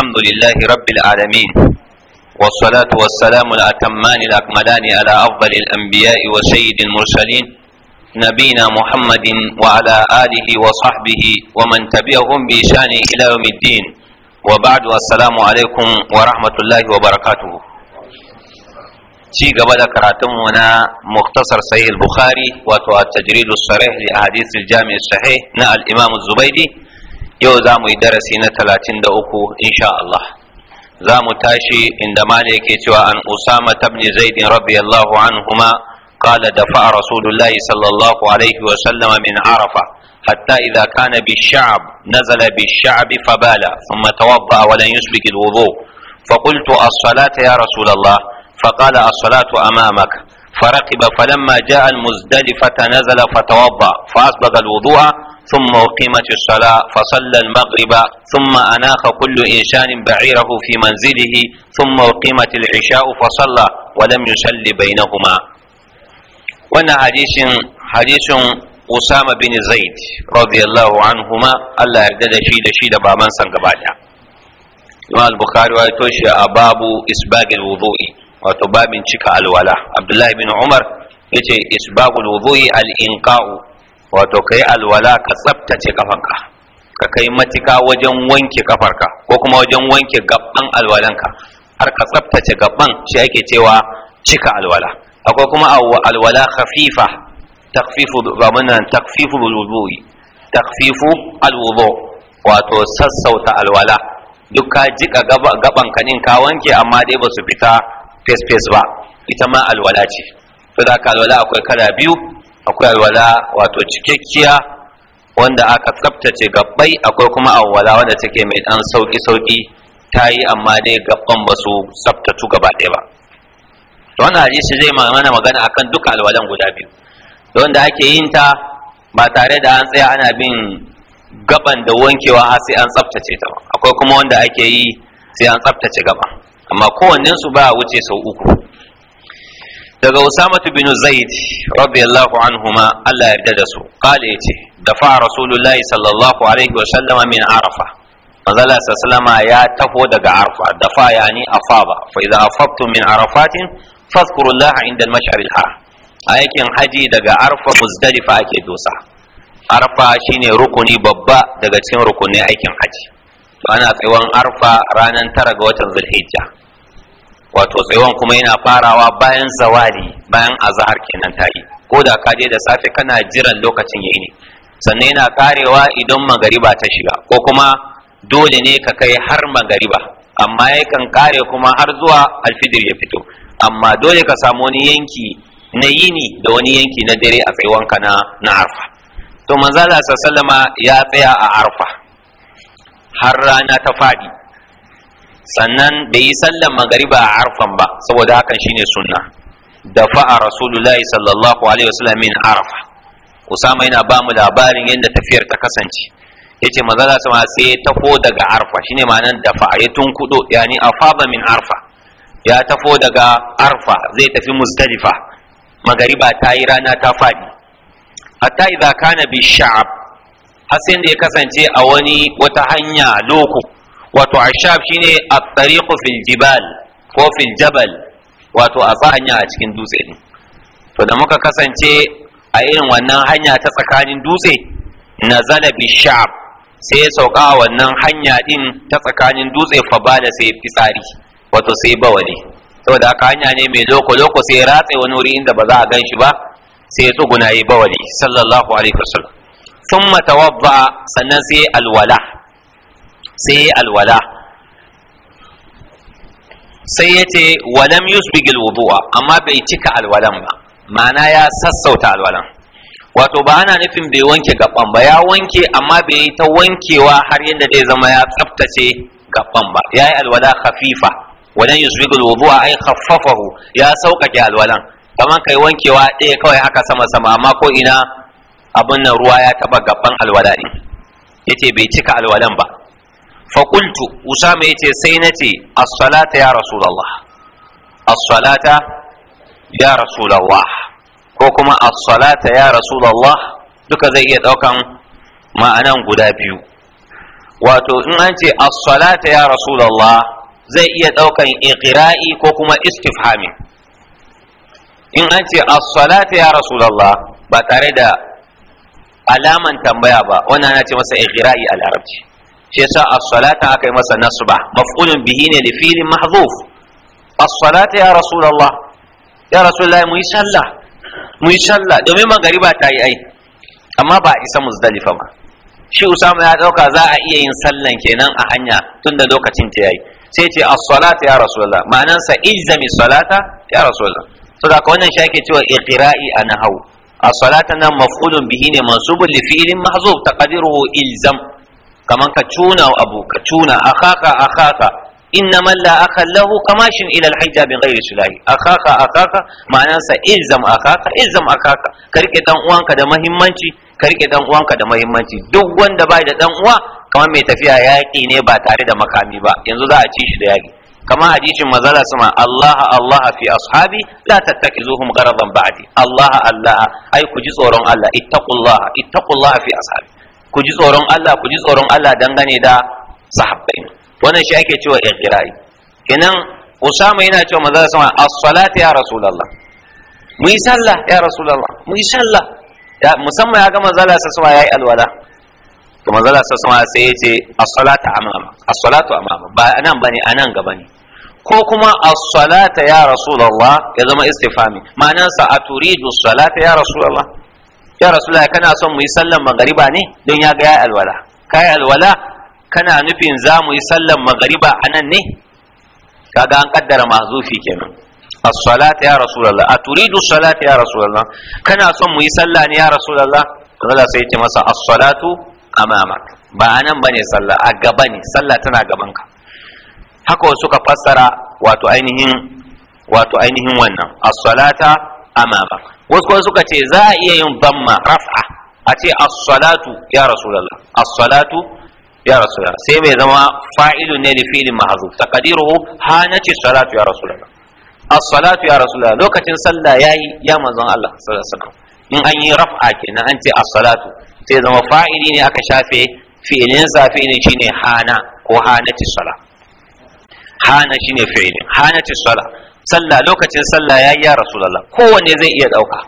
الحمد لله رب العالمين والصلاة والسلام الأتمان الأكملان على أفضل الأنبياء وسيد المرسلين نبينا محمد وعلى آله وصحبه ومن تبعهم بإشان إلى يوم الدين وبعد السلام عليكم ورحمة الله وبركاته شيء قبل كراتمنا مختصر صحيح البخاري وتو التجريد الصحيح لأحاديث الجامع الصحيح نا الإمام الزبيدي yau za mu yi darasi na talatin da uku insha Allah za mu tashi inda mali yake cewa an usama tabni قال دفع رسول الله صلى الله عليه وسلم من عرفة حتى إذا كان بالشعب نزل بالشعب فبال ثم توضأ ولن يسبك الوضوء فقلت الصلاة يا رسول الله فقال الصلاة أمامك فرقب فلما جاء المزدلفة نزل فتوضأ فأسبغ الوضوء ثم أقيمت الصلاة فصلى المغرب ثم أناخ كل إنسان بعيره في منزله ثم أقيمت العشاء فصلى ولم يصل بينهما وانا حديث حديث أسامة بن زيد رضي الله عنهما الله يردد شيد شيد بامن سنقبالها الإمام البخاري ويتوشي أباب إسباغ الوضوء wato babin cika alwala abdullahi bin umar yace isbagul wudu'i al inqa'u wato kai alwala ka tsaftace kafanka ka kai matika wajen wanke kafarka ko kuma wajen wanke gabban alwalanka har ka tsaftace gabban shi ake cewa cika alwala akwai kuma alwala khafifa takfifu ba takfifu wudu'i takfifu alwudu wato sassauta alwala duk ka jika gaban ka ka wanke amma dai ba su fita face face ba ita ma alwala ce to da alwala akwai kala biyu akwai alwala wato cikakkiya wanda aka tsaftace gabbai akwai kuma alwala wanda take mai dan sauki sauki ta yi amma dai gabban ba su tsaftatu gaba ɗaya ba to wannan hadisi zai mana magana akan duka alwalan guda biyu wanda ake yin ta ba tare da an tsaya ana bin gaban da wankewa sai an tsaftace ta akwai kuma wanda ake yi sai an tsaftace gaban amma kowannensu su ba wuce sau uku daga usamatu bin Zaid radiyallahu anhuma Allah ya yarda da su kale yace dafa rasulullahi sallallahu alaihi wa sallama min arafa manzala sallama ya taho daga arafa dafa yani afaba fa idza afabtum min arafatin fadhkurullaha inda al-mash'ar al-haram a haji daga arfa muzdalifa ake dosa arfa shine rukuni babba daga cikin rukunin aikin haji to ana tsawon arfa ranar tara ga watan zulhijja wato tsayuwan kuma yana farawa bayan zawali bayan azahar kenan ta ko da ka je da safe kana jiran lokacin yayi ne sannan yana karewa idan magariba ta shiga ko kuma dole ne ka kai har magariba amma kan kare kuma har zuwa alfidir ya fito amma dole ka samu wani yanki na yini da wani yanki na dare a ka na na arfa to manzala sallama ya tsaya a arfa har rana ta fadi sannan bai yi sallan magariba a arfan ba saboda hakan shine sunna da fa'a rasulullahi sallallahu alaihi wasallam min arfa usama yana ba mu labarin yadda tafiyar ta kasance yace manzo Allah sama sai ya tafo daga arfa shine ma'anar da fa'a ya tunkudo yani afaba min arfa ya tafo daga arfa zai tafi muzdalifa magariba ta yi rana ta fadi hatta idza kana bi sha'ab har sai da ya kasance a wani wata hanya loko wato ashab shine at-tariqu fil jibal ko fil jabal wato a hanya a cikin dutse ne to da muka kasance a irin wannan hanya ta tsakanin dutse nazala bi sha'ab sai ya sauka wannan hanya din ta tsakanin dutse fa da sai fitsari wato sai bawali saboda aka hanya ne mai loko loko sai ratse wani wuri inda ba za a gan shi ba sai ya tsuguna yi bawali sallallahu alaihi wasallam sun matawadda sannan sai alwala sai ya alwala sai ya ce walam yusbigil wudu'a amma bai cika alwalan ba ma'ana ya sassauta alwalan wato ba ana nufin bai wanke gaban ba ya wanke amma bai ta wankewa har yadda zai zama ya tsaftace gaban ba ya yi alwala khafifa walam yusbigil wudu'a ai khaffafahu ya sauƙaƙe alwalan kamar kai wankewa ɗaya kawai haka sama sama amma ko ina abin nan ruwa ya taba gaban alwala ne yace bai cika alwalan ba faƙultu usama ya ce sai na ce asfalata ya rasulallah asfalata ya rasulallah ko kuma asfalata ya rasulallah duka zai iya ɗaukan ma'anan guda biyu wato in an ce asfalata ya rasulallah zai iya ɗaukan iqira'i ko kuma istifhami in an ce asfalata ya rasulallah ba tare da alaman tambaya ba wannan ana ce masa iqira'i a shi yasa as-salata aka yi masa nasba maf'ulun bihi ne da fi'lin mahzuf as-salata ya rasulullah ya rasulullah mu yi sallah mu yi sallah domin magari ba ta yi ai amma ba isa muzdalifa ba shi usama ya dauka za a iya yin sallan kenan a hanya tunda lokacin ta yayi sai ce as-salata ya rasulullah sa ilzami salata ya rasulullah saboda ka wannan shi ake cewa iqra'i a nahawu as-salata nan maf'ulun bihi ne mansubun li fi'lin mahzuf taqdiruhu ilzam kaman ka cuna abu ka cuna akhaka akhaka innaman la akha lahu kamashin ila alhajja bin ghairi sulahi akhaka akhaka ma'anansa ilzam akhaka ilzam akhaka ka rike dan uwanka da muhimmanci ka rike dan uwanka da muhimmanci duk wanda bai da dan uwa kamar mai tafiya yaƙi ne ba tare da makami ba yanzu za a ci shi da yaƙi kama hadisin mazala suma Allah Allah fi ashabi la tattakizuhum gharadan ba'di Allah Allah ai ku ji tsoron Allah ittaqullaha fi ashabi ku ji tsoron Allah ku ji tsoron Allah dangane da sahabbai wannan shi ake cewa iqra'i kenan Usama yana cewa manzo sama as-salati ya rasulullah mu yi sallah ya rasulullah mu yi sallah ya musamman ya ga manzo Allah sama yayi alwala to manzo Allah sama sai ya ce as-salatu amama as-salatu amama ba anan bane anan gaba ne ko kuma as-salata ya rasulullah ya zama istifami ma'anarsa aturidu as-salata ya rasulullah ya rasulullahi kana son mu yi sallan magariba ne don ya ga ya alwala kai alwala kana nufin za mu yi sallan magariba a nan ne kaga an kaddara mahzufi kenan as-salata ya rasulullah a turidu salata ya rasulullah kana son mu yi sallah ne ya rasulullah Allah sai ya masa as-salatu amamak ba anan bane sallah a gaba ne sallah tana gaban ka haka suka fassara wato ainihin wato ainihin wannan as-salata ama ba wasu kuma suka ce za a iya yin damma raf'a a ce as-salatu ya rasulullah as-salatu ya rasulullah sai mai zama fa'ilu ne li fi'lin mahzuf taqdiruhu ce salatu ya rasulullah as-salatu ya rasulullah lokacin sallah yayi ya manzon Allah sallallahu alaihi wasallam in an yi raf'a kenan an ce as-salatu sai zama fa'ili ne aka shafe fi'ilin sa fi'ilin shine hana ko ce salat hana shine fi'ilin ce salat sallah lokacin sallah ya yi ya rasulullah kowanne zai iya dauka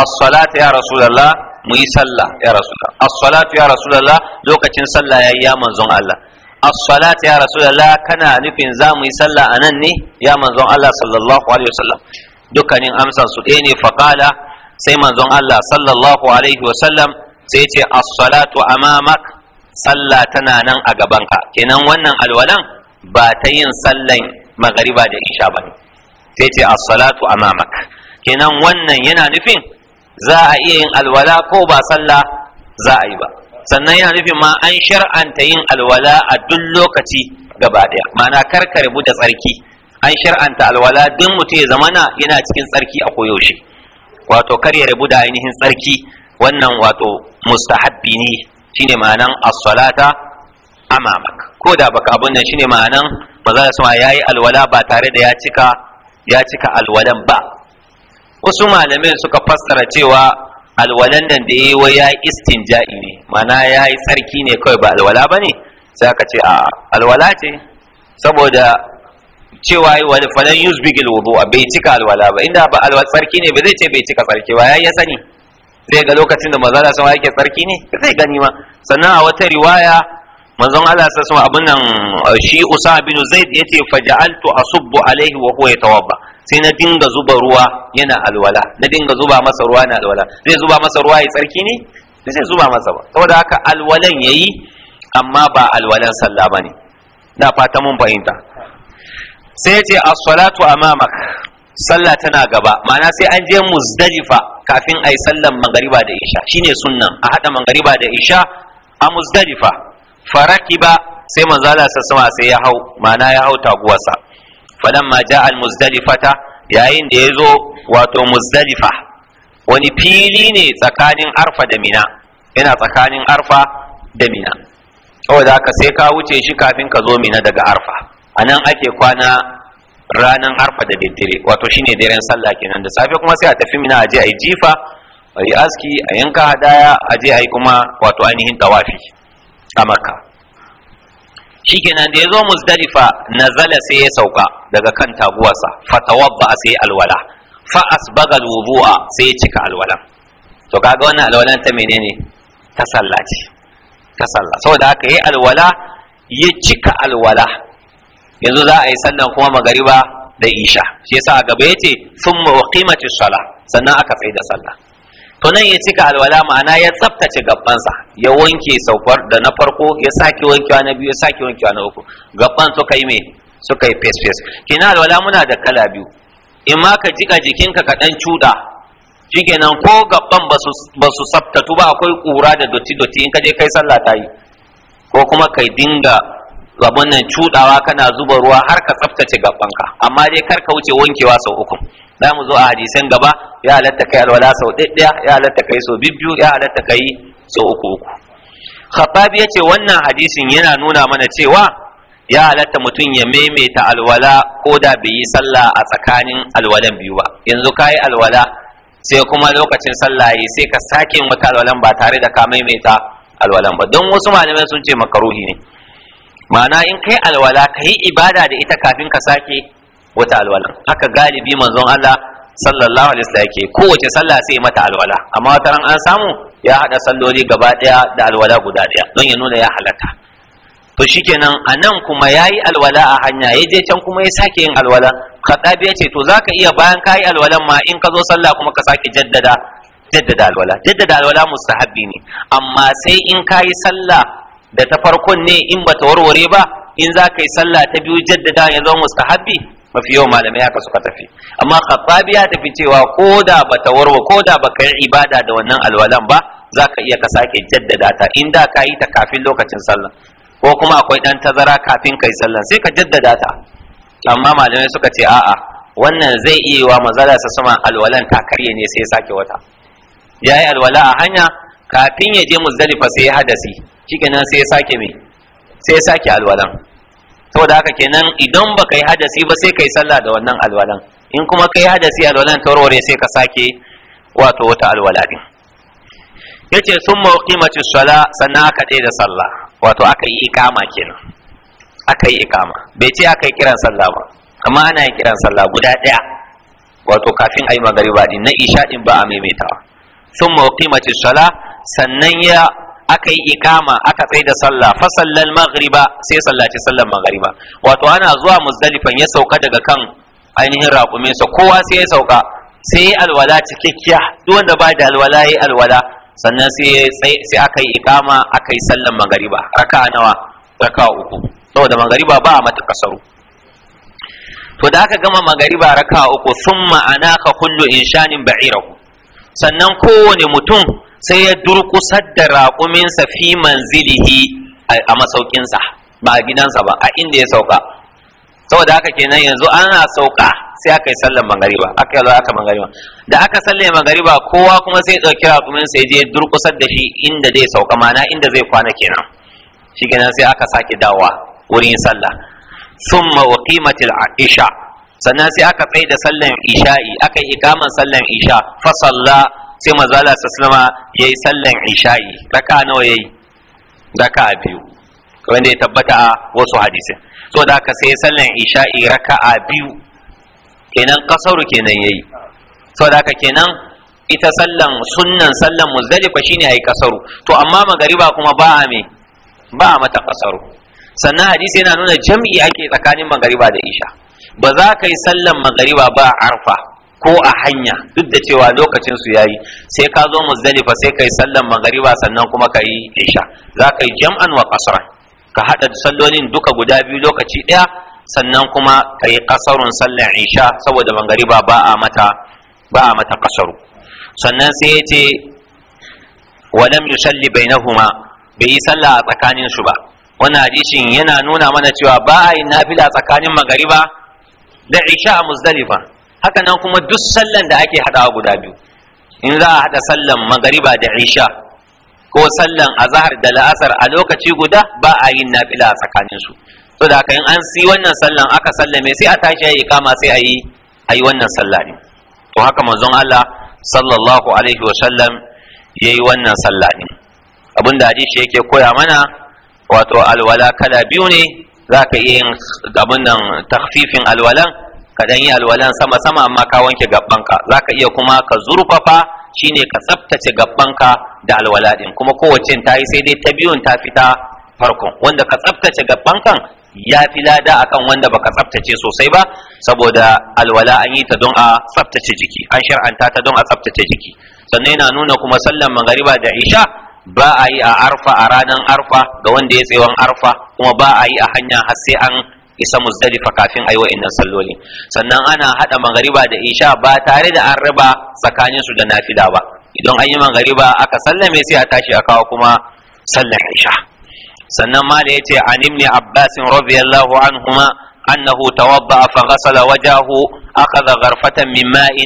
as-salatu ya rasulullah mu yi sallah ya rasulullah as-salatu ya rasulullah lokacin sallah ya yi ya manzon Allah as-salatu ya rasulullah kana nufin za mu yi sallah anan ne ya manzon Allah sallallahu alaihi wasallam dukkanin amsan su ɗaya ne faqala sai manzon Allah sallallahu alaihi wasallam sai ce as-salatu amamak sallah tana nan a gabanka kenan wannan alwalan ba ta yin sallan magariba da isha ba ne sai ce as-salatu amamak kenan wannan yana nufin za a iya yin alwala ko ba sallah za a yi ba sannan yana nufin ma an shar'anta yin alwala a duk lokaci gaba daya ma'ana karkare da tsarki an shar'anta alwala duk mutum ya zamana yana cikin tsarki a koyaushe wato kar ya rubuta da ainihin tsarki wannan wato mustahabbi ne shine ma'anan as-salata amamak ko da baka abun nan shine ma'anan ba za su yayi alwala ba tare da ya cika ya cika alwalan ba wasu malamin suka fassara cewa alwalan nan da yayi wai ya istinja'i ne mana ya yi tsarki ne kawai ba alwala ba ne sai aka ce a alwala ce saboda cewa yi wani falan wudu a bai cika alwala ba inda ba alwal tsarki ne ba zai ce bai cika tsarki ba yayi ya sani zai ga lokacin da manzala sama yake tsarki ne zai gani ma sannan a wata riwaya manzon Allah sallallahu alaihi abin nan uh, shi Usama bin Zaid yace faja'altu asubbu alaihi wa huwa yatawabba sai na dinga zuba ruwa yana alwala na dinga zuba masa ruwa na alwala zai zuba masa ruwa yayi tsarki ne zai zuba masa ba saboda haka alwalan yayi amma ba alwalan sallah bane na fata mun fahimta sai yace as-salatu amamak sallah tana gaba ma'ana sai an je muzdalifa kafin ayi sallan magariba da isha shine sunnan a hada magariba da isha a muzdalifa farakiba sai manzo Allah sassama sai ya hau ma'ana ya hau taguwarsa ma ja al-muzdalifata yayin da yazo wato muzdalifa wani fili ne tsakanin arfa da mina yana tsakanin arfa da mina saboda ka sai ka wuce shi kafin ka zo mina daga arfa anan ake kwana ranan arfa da daddare wato shine daren sallah kenan da safe kuma sai a tafi mina a je a yi jifa a yi aski a yanka hadaya a je a yi kuma wato ainihin tawafi shi shikenan da ya zo muzdalifa zala sai ya sauka daga kan taguwarsa fatawadda sai alwala fa asbaga alwudu'a sai ya cika alwala to kaga wannan alwalan ta menene ta sallah ce ta sallah saboda haka yi alwala ya cika alwala yanzu za a yi sannan kuma magariba da isha shi yasa a gaba yace summa uqimatis sala sannan aka tsaye da sallah to nan ya cika alwala ma'ana ya tsaftace gabansa ya wanke saukar da na farko ya sake wankewa na biyu ya sake wankewa na uku gaban suka yi mai, suka yi fes fes kina alwala muna da kala biyu in ma ka jika jikinka ka dan cuda shikenan ko gaban ba su tsaftatu ba akwai kura da dotti dotti in ka je kai sallah ta yi ko kuma kai dinga abun nan cudawa kana zuba ruwa har ka tsaftace gabanka amma dai kar ka wuce wankewa sau uku za mu zo a hadisan gaba ya halatta kai alwala sau ɗaya ya halatta kai sau biyu ya halatta kai sau uku uku khattabi ya ce wannan hadisin yana nuna mana cewa ya halatta mutum ya maimaita alwala ko da bai yi sallah a tsakanin alwalan biyu ba yanzu ka yi alwala sai kuma lokacin sallah yi sai ka sake wata alwalan ba tare da ka maimaita alwalan ba don wasu malamai sun ce makaruhi ne ma'ana in kai alwala ka yi ibada da ita kafin ka sake wata alwala haka galibi manzon Allah sallallahu alaihi wasallam yake kowace sallah sai mata alwala amma wata ran an samu ya hada salloli gaba daya da alwala guda daya don ya nuna ya halaka to shikenan a nan kuma yayi alwala a hanya ya je can kuma ya sake yin alwala kadabi ya ce to zaka iya bayan kayi alwalan ma in ka zo sallah kuma ka sake jaddada jaddada alwala jaddada alwala mustahabbi ne amma sai in kayi sallah da ta farkon ne in bata warware ba in za ka yi sallah ta biyu jaddada ya zama mustahabbi mafi yau malamai haka suka tafi amma khattabi ya tafi cewa ko da bata warwa ko da baka yi ibada da wannan alwalan ba za ka iya ka sake jaddada ta in da ka yi ta kafin lokacin sallah ko kuma akwai dan tazara kafin kai sallah sai ka jaddada ta amma malamai suka ce a'a wannan zai iya wa mazala sa sama alwalan ta karye ne sai ya sake wata yayi alwala a hanya kafin ya je muzdalifa sai ya hadasi shikenan sai ya sake me sai ya sake alwalan saboda haka kenan idan baka yi hadasi ba sai kai sallah da wannan alwalan in kuma kai hadasi alwalan ta warware sai ka sake wato wata alwala din yace sun qimatu sala sannan aka dai da sallah wato aka yi ikama kenan aka yi ikama bai ce aka yi kiran sallah ba amma ana yin kiran sallah guda daya wato kafin ayi magariba din na isha din ba a maimaitawa sun qimatu sala sannan ya aka yi ikama aka tsaye da sallah fa sallal maghriba sai sallaci sallar maghriba wato ana zuwa muzdalifan ya sauka daga kan ainihin raƙumin sa kowa sai ya sauka sai ya alwala cikakkiya duk wanda ba da alwala ya alwala sannan sai sai aka yi ikama aka yi sallan maghriba raka'a nawa raka'a uku saboda maghriba ba a mata kasaru to da aka gama maghriba raka'a uku summa anaka kullu insanin ba'irahu sannan kowane mutum sai ya durkusar da raƙuminsa fi manzilihi a masaukinsa ba a gidansa ba a inda ya sauka saboda haka kenan yanzu ana sauka sai aka yi sallar magariba aka yi aka magariba da aka salle magariba kowa kuma sai ɗauki raƙuminsa ya je durkusar da shi inda zai sauka mana inda zai kwana kenan shi kenan sai aka sake dawa wurin sallah summa a isha sannan sai aka tsaye da sallan isha'i aka yi ikaman sallan isha fa sai manzala ya yi sallan isha'i raka nawa yayi raka biyu wanda ya tabbata a wasu hadisi so da aka sai sallan isha'i raka a biyu kenan kasaru kenan ya yi. so da aka kenan ita sallan sunnan sallan muzdalifa shine yi kasaru to amma magariba kuma ba a me ba a mata kasaru sannan hadisi yana nuna jam'i ake tsakanin magariba da isha ba za ka yi sallan magariba ba a arfa ko a hanya duk da cewa lokacin su yayi sai ka zo muzdalifa sai kai sallan magariba sannan kuma ka yi isha za ka yi jam'an wa qasran ka hada sallolin duka guda biyu lokaci daya sannan kuma ka yi qasarun sallan isha saboda magariba ba a mata ba a mata qasaru sannan sai ya ce wa lam yusalli bainahuma bai yi sallah a tsakanin su ba wannan hadisin yana nuna mana cewa ba a yi nafila tsakanin magariba da isha a muzdalifa haka nan kuma duk sallan da ake haɗawa guda biyu in za a haɗa sallan magariba da isha ko sallan azahar da la'asar a lokaci guda ba a yin nafila a su to da haka in an si wannan sallan aka sallame sai a tashi ya kama sai a yi a yi wannan sallah ne to haka manzon Allah sallallahu alaihi wa sallam yayi wannan sallah ne abinda hadisi yake koya mana wato alwala kala biyu ne zaka iya yin abin nan takfifin alwalan ka dan yi alwalan sama sama amma ka wanke gabbanka zaka iya kuma ka zurfafa shine ka tsaftace gabbanka da alwala din kuma kowace ta yi sai dai ta biyun ta fita farkon wanda ka tsaftace gabbankan ya fi lada akan wanda baka tsaftace sosai ba saboda alwala an yi ta don a tsaftace jiki an shar'anta ta don a tsaftace jiki sannan yana nuna kuma sallan magariba da isha ba a yi a arfa a ranar arfa ga wanda ya tsewan arfa kuma ba a yi a hanya har sai an isa muzdalifa kafin ayi wa'annan salloli sannan ana hada magariba da isha ba tare da an raba tsakanin su da nafila ba idan an yi magariba aka sallame sai a tashi a kawo kuma sallar isha sannan ma da yace an ibn abbas radiyallahu anhuma أنه توضأ فغسل وجهه أخذ غرفة من ماء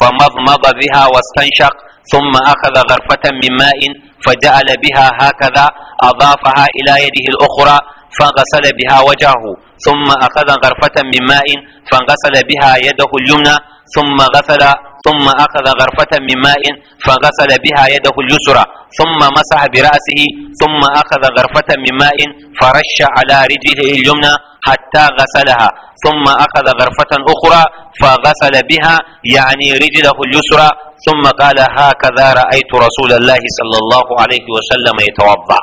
فمضمض بها واستنشق ثم أخذ غرفة من ماء فجعل بها هكذا أضافها إلى يده الأخرى فغسل بها وجهه ثم أخذ غرفة من ماء فغسل بها يده اليمنى ثم غسل ثم أخذ غرفة من ماء فغسل بها يده اليسرى ثم مسح برأسه ثم أخذ غرفة من ماء فرش على رجله اليمنى حتى غسلها ثم أخذ غرفة أخرى فغسل بها يعني رجله اليسرى ثم قال هكذا رأيت رسول الله صلى الله عليه وسلم يتوضأ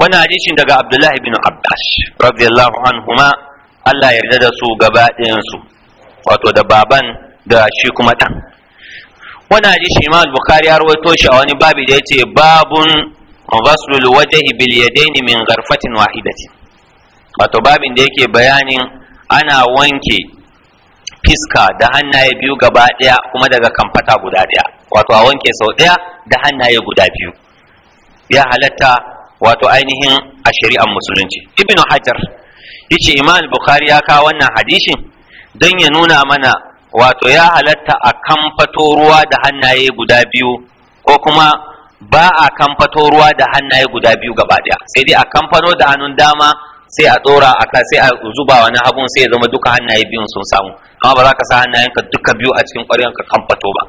wani hadisin daga abdullahi bin abbas radiyallahu anhuma allah yarda da su gaba su wato da baban da shi kuma ɗan wani hadisi imam bukhari ya rawaito shi a wani babi da yace babun ghaslul wajhi bil yadaini min gharfatin wahidati, wato babin da yake bayanin ana wanke fiska da hannaye biyu gaba ɗaya kuma daga kamfata guda ɗaya wato a wanke sau ɗaya da hannaye guda biyu ya halatta wato ainihin a shari'ar musulunci ibnu hajar yace imam bukhari ya kawo wannan hadisin don ya nuna mana wato ya halatta a kamfato ruwa da hannaye guda biyu ko kuma ba a kamfato ruwa da hannaye guda biyu gaba daya sai dai a kamfano da hannun dama sai a tsora, a ka sai a zuba wani hagun sai ya zama duka hannaye biyun sun samu amma ba za ka sa hannayenka duka biyu a cikin ka kamfato ba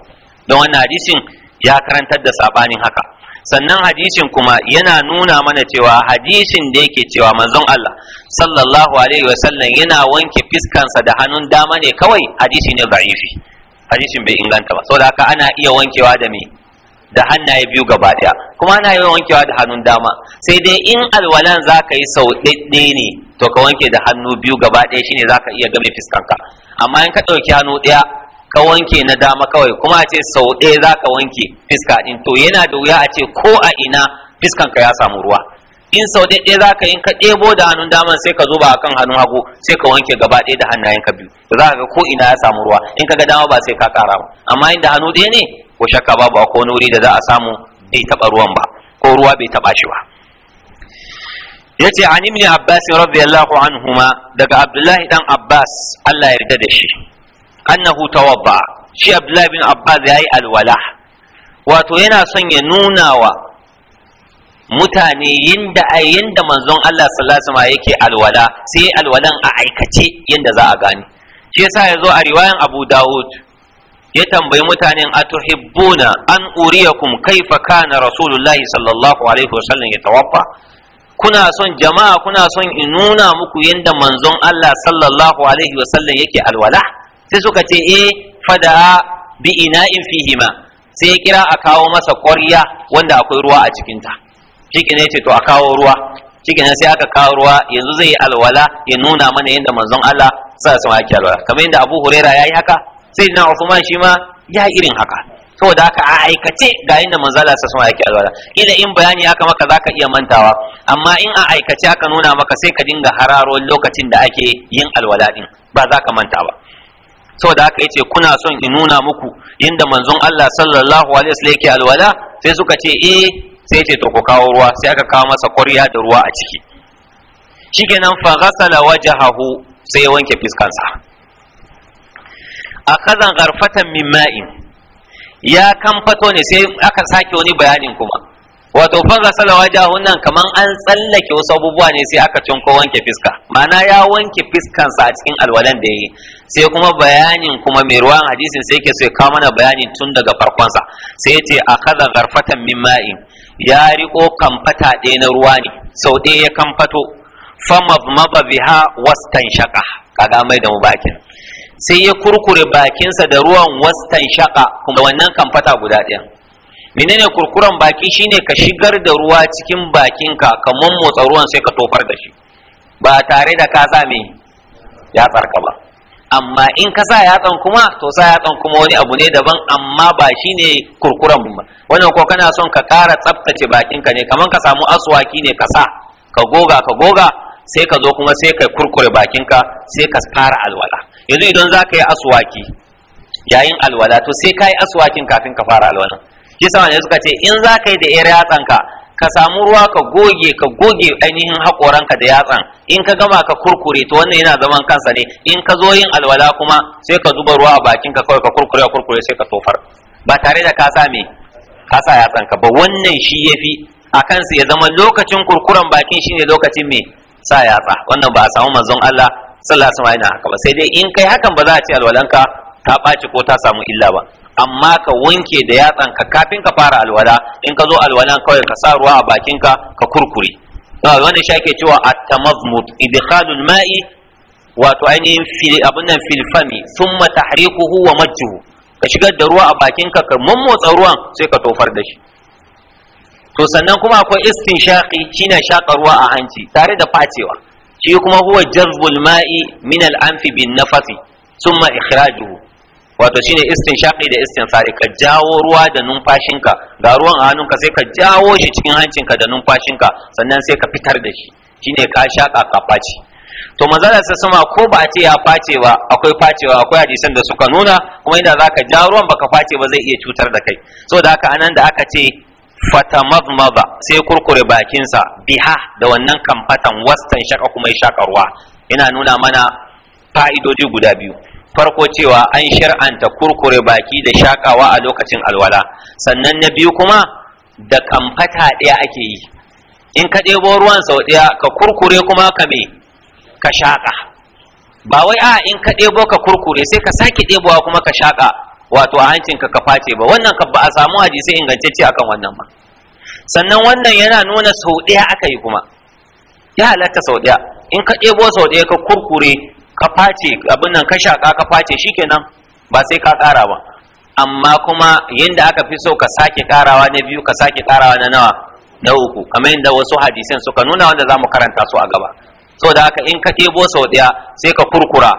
don wannan hadisin ya karantar da sabanin haka sannan hadisin kuma yana nuna mana cewa hadisin da yake cewa manzon Allah sallallahu alaihi wa sallam, yana wanke fiskansa da hannun dama ne kawai hadisi ne da'ifi hadisin bai inganta ba saboda haka ana iya wankewa da me da hannaye biyu gaba daya kuma ana iya wankewa da hannun dama sai dai in alwalan zaka yi sau ɗaɗɗe ne to ka wanke da hannu biyu gaba daya shine zaka iya game fiskanka amma in ka ɗauki hannu ɗaya ka wanke na dama kawai kuma a ce sau ɗaya za ka wanke fiska ɗin to yana da wuya a ce ko a ina fiskanka ya samu ruwa in sau ɗaya za ka yi ka ɗebo da hannun daman sai ka zo a kan hannun hagu sai ka wanke gaba ɗaya da hannayen ka biyu to za ka ga ko ina ya samu ruwa in ka ga dama ba sai ka ƙara ba amma inda hannu ɗaya ne ko shakka babu a wuri da za a samu bai taɓa ruwan ba ko ruwa bai taɓa shi ba yace an ibn abbas radiyallahu anhuma daga abdullahi dan abbas Allah ya yarda da shi annahu tawadda shi abdullahi bin abbas yayi alwala wato yana son ya nuna wa mutane yinda yinda manzon Allah sallallahu alaihi yake alwala sai alwalan a aikace yanda za a gane shi yasa yazo a riwayan Abu Dawud ya tambayi mutanen atuhibbuna an uriyakum kaifa kana rasulullahi sallallahu alaihi wasallam ya tawaffa kuna son jama'a kuna son in nuna muku yadda manzon Allah sallallahu alaihi wasallam yake alwala sai suka ce e eh, fada bi ina'in fihima sai ya kira a kawo masa ƙwarya wanda akwai ruwa a cikinta cikin ne ce to a kawo ruwa cikin sai aka kawo ruwa yanzu zai yi alwala ya nuna mana yadda manzon Allah sa su ake alwala kamar yadda Abu Huraira yayi haka sai na Usman shi ma ya irin haka saboda haka a aikace ga yadda manzon Allah sa su ake alwala idan in bayani aka maka zaka iya mantawa amma in a aikace aka nuna maka sai ka dinga hararo lokacin da ake yin alwala din ba za ka manta ba saboda haka yace kuna son in nuna muku yanda manzon Allah sallallahu alaihi wasallam yake alwala sai suka ce eh sai ce to ku kawo ruwa sai aka kawo masa ƙwarya da ruwa a ciki shikenan fa ghasala wajhahu sai ya wanke fiskansa akazan gharfatan min ma'in ya kamfato ne sai aka sake wani bayanin kuma wato faga salawa jahun kaman an tsallake wasu abubuwa ne sai aka cinko wanke fiska ma'ana ya wanke fiskansa a cikin alwalan da yayi sai kuma bayanin kuma mai ruwan hadisin sai yake so ya kawo mana bayanin tun daga farkonsa sai yace akhadha gharfatan min ma'in ya riko kamfata ɗaya na ruwa ne sau ɗaya ya kamfato famabmaba biha wastan shaka kaga mai da mu bakin sai ya kurkure bakinsa da ruwan wastan shaka kuma wannan kamfata guda ɗaya menene kurkuren baki shine ka shigar da ruwa cikin bakinka ka mummotsa ruwan sai ka tofar da shi ba tare da ka sa me ya tsarka ba amma in ka sa yatsan kuma to sa yatsan kuma wani abu ne daban amma ba shine kurkuren ba wannan ko kana son ka kara tsaftace bakinka ne kamar ka samu aswaki ne ka sa ka goga ka goga sai ka zo kuma sai ka kurkure bakinka sai ka fara alwala yanzu idan za ka yi aswaki yayin alwala to sai ka yi aswakin kafin ka fara alwala shi ne wanda suka ce in za ka yi da yar yatsanka ka samu ruwa ka goge ka goge ainihin haƙoranka da yatsan in ka gama ka kurkure to wannan yana zaman kansa ne in ka zo yin alwala kuma sai ka zuba ruwa a bakinka kawai ka kurkure kurkure sai ka tofar ba tare da ka sa me ka sa yatsanka ba wannan shi yafi a kansa ya zama lokacin kurkuren bakin shine lokacin me sa yatsa wannan ba a samu manzon Allah sallallahu alaihi wasallam haka ba sai dai in kai hakan ba za a ce alwalanka ta ɓaci ko ta samu illa ba amma ka wanke da yatsan ka kafin ka fara alwala in ka zo alwalan kawai ka sa ruwa a bakinka ka kurkure ah, wanda shi ake cewa at tamazmut idkhalul ma'i wato ainihin fil abun nan fil fami thumma tahriquhu wa majjuhu ka shigar da ruwa a bakinka ka mammotsa ruwan sai ka tofar da shi to sannan kuma akwai istinshaqi shine shaka ruwa a hanci tare da facewa shi kuma huwa jazbul ma'i min al-anfi bin nafasi thumma ikhrajuhu wato shine istinshaqi da sa'i ka jawo ruwa da numfashinka ga ruwan a hannunka sai ka jawo shi cikin hancinka da numfashinka sannan sai ka fitar da shi shine ka shaka ka face to manzala sai sama ko ba ce ya face ba akwai facewa akwai hadisan da suka nuna kuma inda zaka ja ruwan baka face ba zai iya cutar da kai saboda haka anan da aka ce fatamadmada sai kurkure bakinsa biha da wannan kamfatan wastan shaka kuma ya shaka ruwa yana nuna mana fa'idodi guda biyu farko cewa an shar'anta kurkure baki da shakawa a lokacin alwala sannan na biyu kuma da kamfata ɗaya ake yi in ka ɗebo ruwan sau ɗaya ka kurkure kuma ka me ka shaƙa ba wai a in ka ɗebo ka kurkure sai ka sake ɗebowa kuma ka shaƙa wato a hancin ka face ba wannan ka ba a samu hadisi ingantacce akan wannan ba sannan wannan yana nuna sau ɗaya aka yi kuma ya halatta sau ɗaya in ka ɗebo sau ɗaya ka kurkure ka face abin nan ka shaka ka face shikenan ba sai ka kara ba amma kuma yadda aka fi so ka sake karawa na biyu ka sake karawa na nawa na uku kamar inda wasu hadisan suka nuna wanda za mu karanta su a gaba saboda haka in ka ɗebo sau ɗaya sai ka kurkura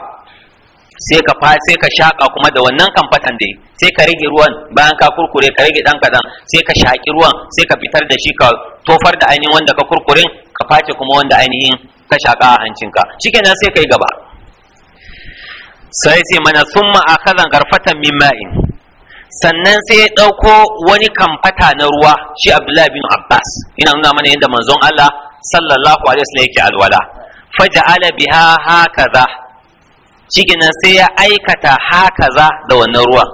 sai ka fa sai ka shaka kuma da wannan kamfatan dai sai ka rage ruwan bayan ka kurkure ka rage dan kadan sai ka shaki ruwan sai ka fitar da shi ka tofar da ainihin wanda ka kurkurin ka face kuma wanda ainihin ka shaka a hancinka shikenan sai kai gaba sai sai mana summa akadan garfatan min ma'in sannan sai ya dauko wani kamfata na ruwa shi Abdullahi bin Abbas ina nuna mana yadda manzon Allah sallallahu alaihi wasallam yake alwala faja'ala biha hakaza shikenan sai ya aikata hakaza da wannan ruwan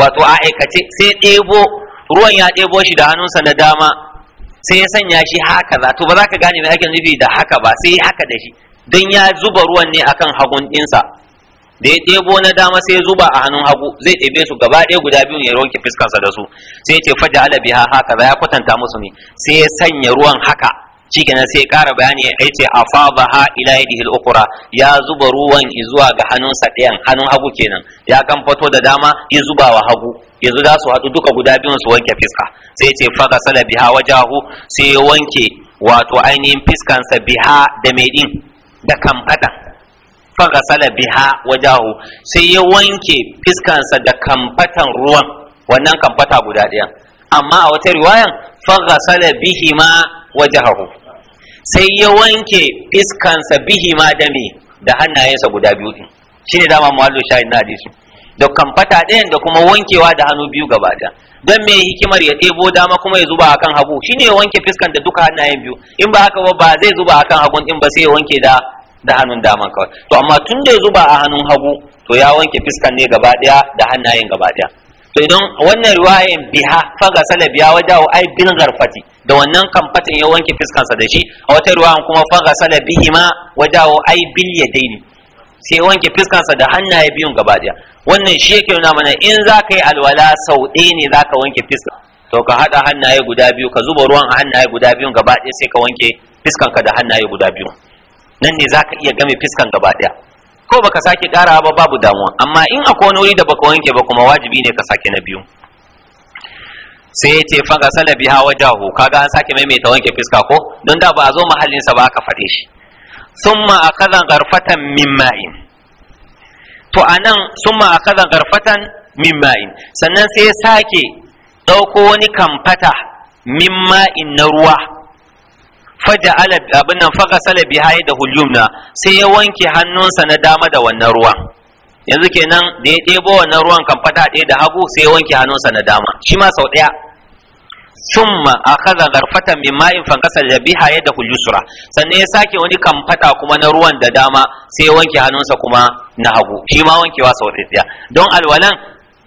wato a aikace sai ɗebo ruwan ya ɗebo shi da hannunsa na dama sai ya sanya shi haka to ba za ka gane me ake nufi da haka ba sai haka da shi Dan ya zuba ruwan ne akan hagun ɗinsa da ya ɗebo na dama sai ya zuba a hannun hagu zai ɗebe su gaba ɗaya guda biyun ya wanke fuskansa da su sai ya ce faja ala biha haka ya kwatanta musu ne sai ya sanya ruwan haka shikenan sai ya ƙara bayani ya ce ha ila yadihi al ya zuba ruwan zuwa ga hannun sa ɗayan hannun hagu kenan ya kan fito da dama ya zuba wa hagu yanzu za su haɗu duka guda biyun su wanke fiska sai ya ce faga sala biha wajahu sai ya wanke wato ainihin fiskansa biha da mai ɗin da kan faɗan faghasala biha wajahu sai ya wanke fiskansa da kamfatan ruwan wannan kamfata guda ɗaya amma a wata riwayan faghasala ma wajahu sai ya wanke fiskansa ma da me da hannayensa guda biyu din shine dama mu'allu shahin na hadisi da kamfata ɗayan da kuma wankewa da hannu biyu gaba ɗaya don me hikimar ya ɗebo dama kuma ya zuba akan hagu shine ya wanke fiskan da duka hannayen biyu in ba haka ba ba zai zuba akan hagun din ba sai ya wanke da da hannun dama kawai to amma tun da ya zuba a hannun hagu to ya wanke fiskan ne gaba daya da hannayen gaba daya to idan wannan riwayan biha faga sala ya wajahu ai bin garfati da wannan kamfatin ya wanke fiskansa da shi a wata riwayan kuma faga sala ma wajahu ai bil yadaini sai wanke fiskansa da hannaye biyun gaba daya wannan shi yake nuna mana in za ka yi alwala sau ɗaya ne za ka wanke fiska to ka haɗa hannaye guda biyu ka zuba ruwan a hannaye guda biyun gaba ɗaya sai ka wanke fiskanka da hannaye guda biyu nan ne zaka iya game fiskan gaba daya ko baka sake karawa ba babu damuwa amma in akwai wani wuri da baka wanke ba kuma wajibi ne ka sake na biyu sai ya ce faga sana biha wajahu kaga an sake maimaita wanke fiska ko don da ba a zo mahallin sa ba aka fade shi summa akaza garfatan min ma'in to anan summa akaza garfatan min ma'in sannan sai ya sake ɗauko wani kamfata min ma'in na ruwa faja'ala abin nan faka faghasala biha da al-yumna sai ya wanke hannunsa na dama da wannan ruwan yanzu kenan da ya ɗebo wannan ruwan kan fata ɗaya da hagu sai ya wanke hannunsa na dama shi ma sau ɗaya summa akhadha gharfatan min ma'in faghasala biha yadahu al sura, sannan ya sake wani kan fata kuma na ruwan da dama sai ya wanke hannunsa kuma na hagu shi ma wankewa sau ɗaya don alwalan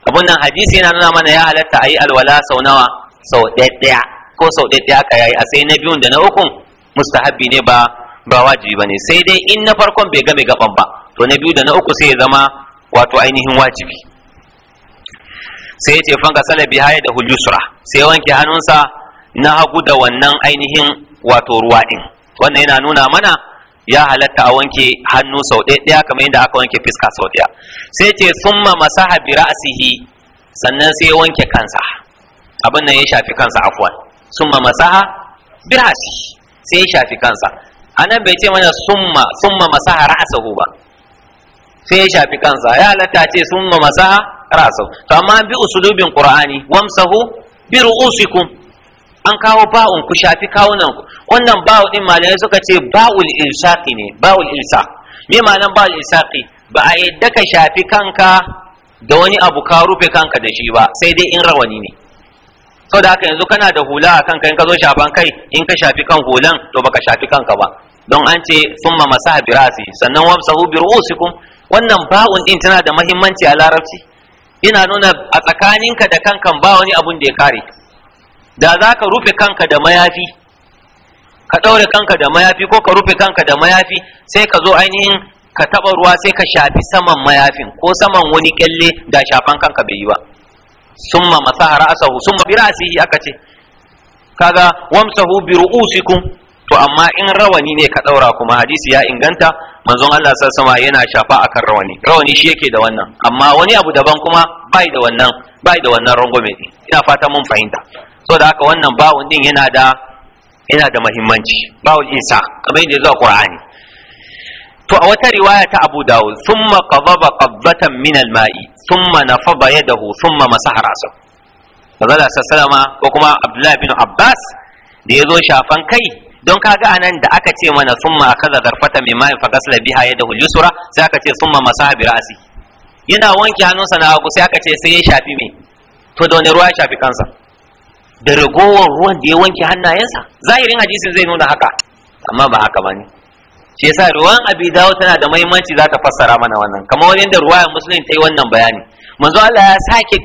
abun nan hadisi yana nuna mana ya halatta ayi alwala sau nawa sau ɗaya ko sau ɗaya aka yayi a sai na biyun da na ukun mustahabbi ne ba ba wajibi ba ne. sai dai in na farkon bai game gaban ba to na biyu da na uku sai ya zama wato ainihin wajibi sai ya ce fanka sala bi haya da hulusra sai ya wanke hannunsa na hagu da wannan ainihin wato ruwa din wannan yana nuna mana ya halatta a wanke hannu sau ɗaya kamar yadda aka wanke fiska sau ɗaya sai ce summa masaha bi ra'asihi sannan sai ya wanke kansa abin nan ya shafi kansa afwan summa masaha bi ra'asihi sai ya shafi kansa a nan bai ce mana summa summa masaha ra'asahu ba sai ya shafi kansa ya halatta ce summa masaha ra'asahu. to amma bi usulubin qur'ani wamsahu bi ru'usikum an kawo ba'un ku shafi kawunan ku wannan ba'u din malamai suka ce ba'ul ilsaqi ne ba'ul ilsaq me ma'anar ba'ul ilsaqi ba a yadda ka shafi kanka da wani abu ka rufe kanka da shi ba sai dai in rawani ne da haka yanzu kana da hula a kanka in ka zo shafan kai in ka shafi kan hulan to baka shafi kanka ba don an ce sun masaha bi birasi, sannan wamsahu bi ru'usikum wannan ba'un din tana da mahimmanci a larabci ina nuna a tsakaninka da kankan ba wani abun da ya kare da za ka rufe kanka da mayafi ka ɗaure kanka da mayafi ko ka rufe kanka da mayafi sai ka zo ainihin ka taɓa ruwa sai ka shafi saman mayafin ko saman wani kyalle da shafan kanka bai yi ba summa masaha ra'asahu summa bi ra'sihi aka ce kaga wamsahu bi ru'usikum to amma in rawani ne ka daura kuma hadisi ya inganta manzon Allah sallallahu alaihi yana shafa akan rawani rawani shi yake da wannan amma wani abu daban kuma bai da wannan bai da wannan din ina fata mun fahimta saboda haka wannan bawun din yana da yana da muhimmanci bawul isa kamar yadda zuwa qur'ani to a wata riwaya ta Abu Dawud summa qadaba qabatan min al-ma'i thumma nafada yadahu thumma masaha ra'sahu kaza da sallama ko kuma abdullahi bin abbas da yazo shafan kai don kaga anan da aka ce mana summa akaza zarfata min ma'in fa gasla biha yadahu yusra sai aka ce summa masaha bi ra'si yana wanke hannunsa na hagu sai aka ce sai ya shafi me to da wani ruwa ya shafi kansa da ragowar ruwan da ya wanke hannayensa zahirin hadisin zai nuna haka amma ba haka ba shi yasa ruwan abi dawo tana da muhimmanci zaka fassara mana wannan kamar wani da ruwayan muslim ta yi wannan bayani manzo Allah ya sake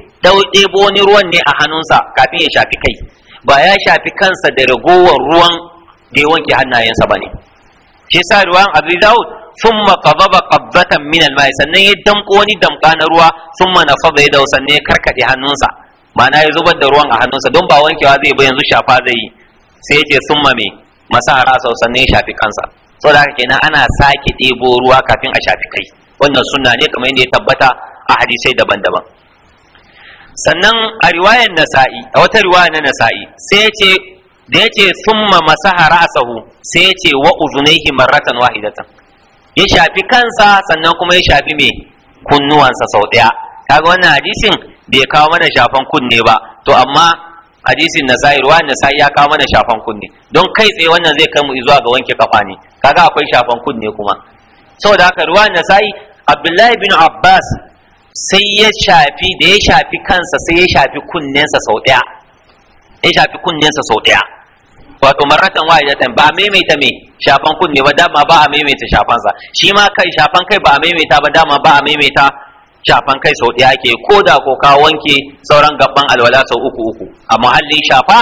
ɗebo wani ruwan ne a hannunsa kafin ya shafi kai ba ya shafi kansa da ragowar ruwan da ya wanke hannayensa ba ne shi yasa ruwan abi dawo thumma qadaba qabdatan min al-ma'i sannan ya damko wani damka na ruwa thumma nafada yadahu sannan ya karkade hannunsa ma'ana ya zubar da ruwan a hannunsa don ba wankewa zai ba yanzu shafa zai yi sai ya ce summa me masa rasa sannan ya shafi kansa saboda haka kenan ana sake ɗebo ruwa kafin a shafi kai wannan suna ne kamar yadda ya tabbata a hadisai daban-daban sannan a riwayar nasa'i a wata riwaya na nasa'i sai ya ce da ya ce summa masaha sai ya ce wa uzunaihi marratan wahidatan ya shafi kansa sannan kuma ya shafi mai kunnuwansa sau ɗaya kaga wannan hadisin bai kawo mana shafan kunne ba to amma hadisin nasa'i ruwan nasa'i ya kawo mana shafan kunne don kai tsaye wannan zai kai mu zuwa ga wanke kafa ne kaga akwai shafan kunne kuma saboda haka ruwan nasa'i abdullahi bin abbas sai ya shafi da ya shafi kansa sai ya shafi kunnensa sau daya ya shafi kunnensa sau daya wato maratan wahidatan ba maimaita me shafan kunne ba dama ba a maimaita shafansa shi ma kai shafan kai ba a maimaita ba dama ba a maimaita shafan kai sau ɗaya ake ko da ko ka wanke sauran gaban alwala sau uku uku a muhallin shafa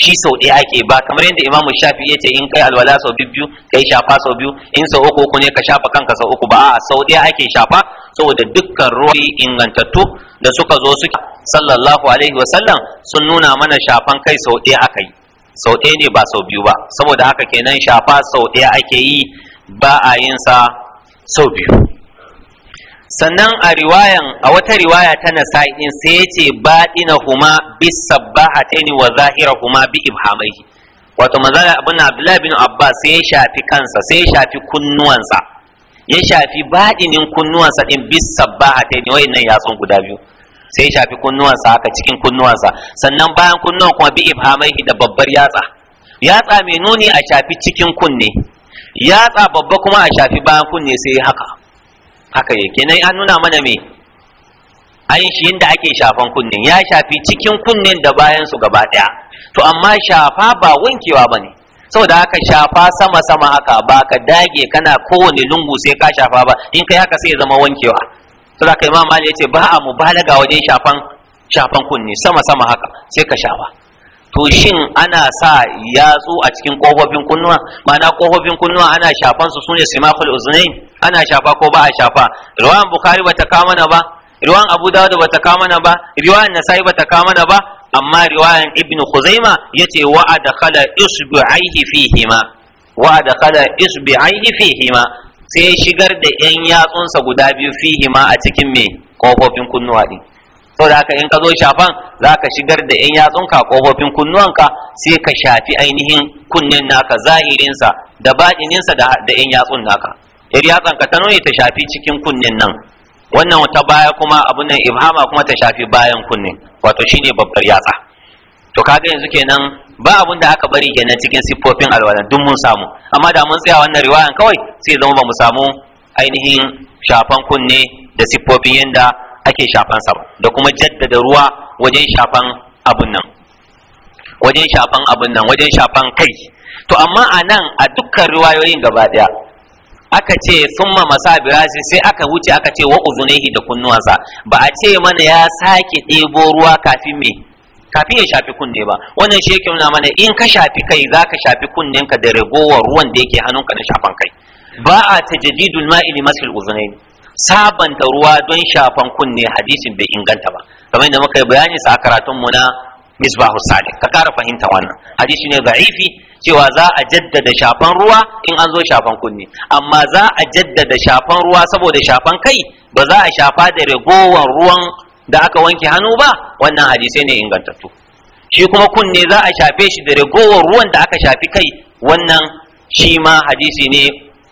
shi sau ɗaya ake ba kamar yadda imamu shafi ya ce in kai alwala sau biyu kai shafa sau biyu in sau uku uku ne ka shafa kanka sau uku ba a sau ɗaya ake shafa saboda dukkan ruwa ingantattu da suka zo suke sallallahu alaihi wasallam sun nuna mana shafan kai sau ɗaya aka yi sau ɗaya ne ba sau biyu ba saboda haka kenan shafa sau ɗaya ake yi ba a yin sa sau biyu sannan a riwayan a wata riwaya ta nasa'in sai ya ce baɗina huma bi taini wa zahira huma bi ibhamai wato manzala abin abdullahi bin abbas sai ya shafi kansa sai ya shafi kunnuwansa ya shafi baɗinin kunnuwansa din bi wa wayannan yatsun guda biyu sai ya shafi kunnuwansa haka cikin kunnuwansa sannan bayan kunnuwan kuma bi ibhamai da babbar yatsa yatsa mai nuni a shafi cikin kunne yatsa babba kuma a shafi bayan kunne sai haka haka yake nan an nuna mana me shi da ake shafan kunnin ya shafi cikin kunnen da bayan su gaba daya to amma shafa ba wankewa bane saboda haka shafa sama sama haka ba ka dage kana kowane lungu sai ka shafa ba in kai haka sai ya zama wankewa saboda haka imam mali yace ba a mubalaga wajen shafan shafan kunne sama sama haka sai ka shafa to shin ana sa yatsu a cikin kofofin kunnuwa ma'ana kofofin kunnuwa ana shafan su sune simaful uznain ana shafa ko ba a shafa ruwan bukhari bata kawo mana ba ruwan abu dawud bata kama mana ba ruwan nasai bata kawo mana ba amma riwayan ibnu khuzaima yace wa adkhala isbu'aihi fihima wa adkhala isbu'aihi fihima sai shigar da yan yatsunsa guda biyu fihima a cikin me kofofin kunnuwa din saboda haka in ka zo shafan za ka shigar da 'yan yatsunka kofofin kunnuwanka sai ka shafi ainihin kunnen naka zahirinsa da baɗininsa da 'yan yatsun naka iryatsan ka ta nuni ta shafi cikin kunnen nan wannan ta baya kuma abun nan ibhama kuma ta shafi bayan kunne wato shine babbar yatsa to kaga yanzu kenan ba abun da aka bari kenan cikin siffofin alwala duk mun samu amma da mun tsaya wannan riwayan kawai sai zama ba mu samu ainihin shafan kunne da siffofin yanda ake shafan sa da kuma jaddada ruwa wajen shafan abun nan wajen shafan abun nan wajen shafan kai to amma a nan a dukkan riwayoyin gaba daya aka ce summa masa birashi sai aka wuce aka ce wa uzunaihi da kunnuwansa ba a ce mana ya sake ɗebo ruwa kafin me kafin ya shafi kunne ba wannan shi yake nuna mana in ka shafi kai za ka shafi kunnenka da ragowar ruwan da yake hannunka na shafan kai ba a ta ma'i ma'ili masil uzunaini sabanta ruwa don shafan kunne hadisin bai inganta ba kamar da muka yi bayani sa karatun mu na misbahu sadiq ka kara fahimta wannan hadisi ne da'ifi cewa za a jaddada shafan ruwa in an zo shafan kunni amma za a jaddada shafan ruwa saboda shafan kai ba za a shafa da ragowar ruwan da aka wanke hannu ba wannan hadisai ne ingantattu shi kuma kunne za a shafe shi da ragowar ruwan da aka shafi kai wannan shi ma hadisi ne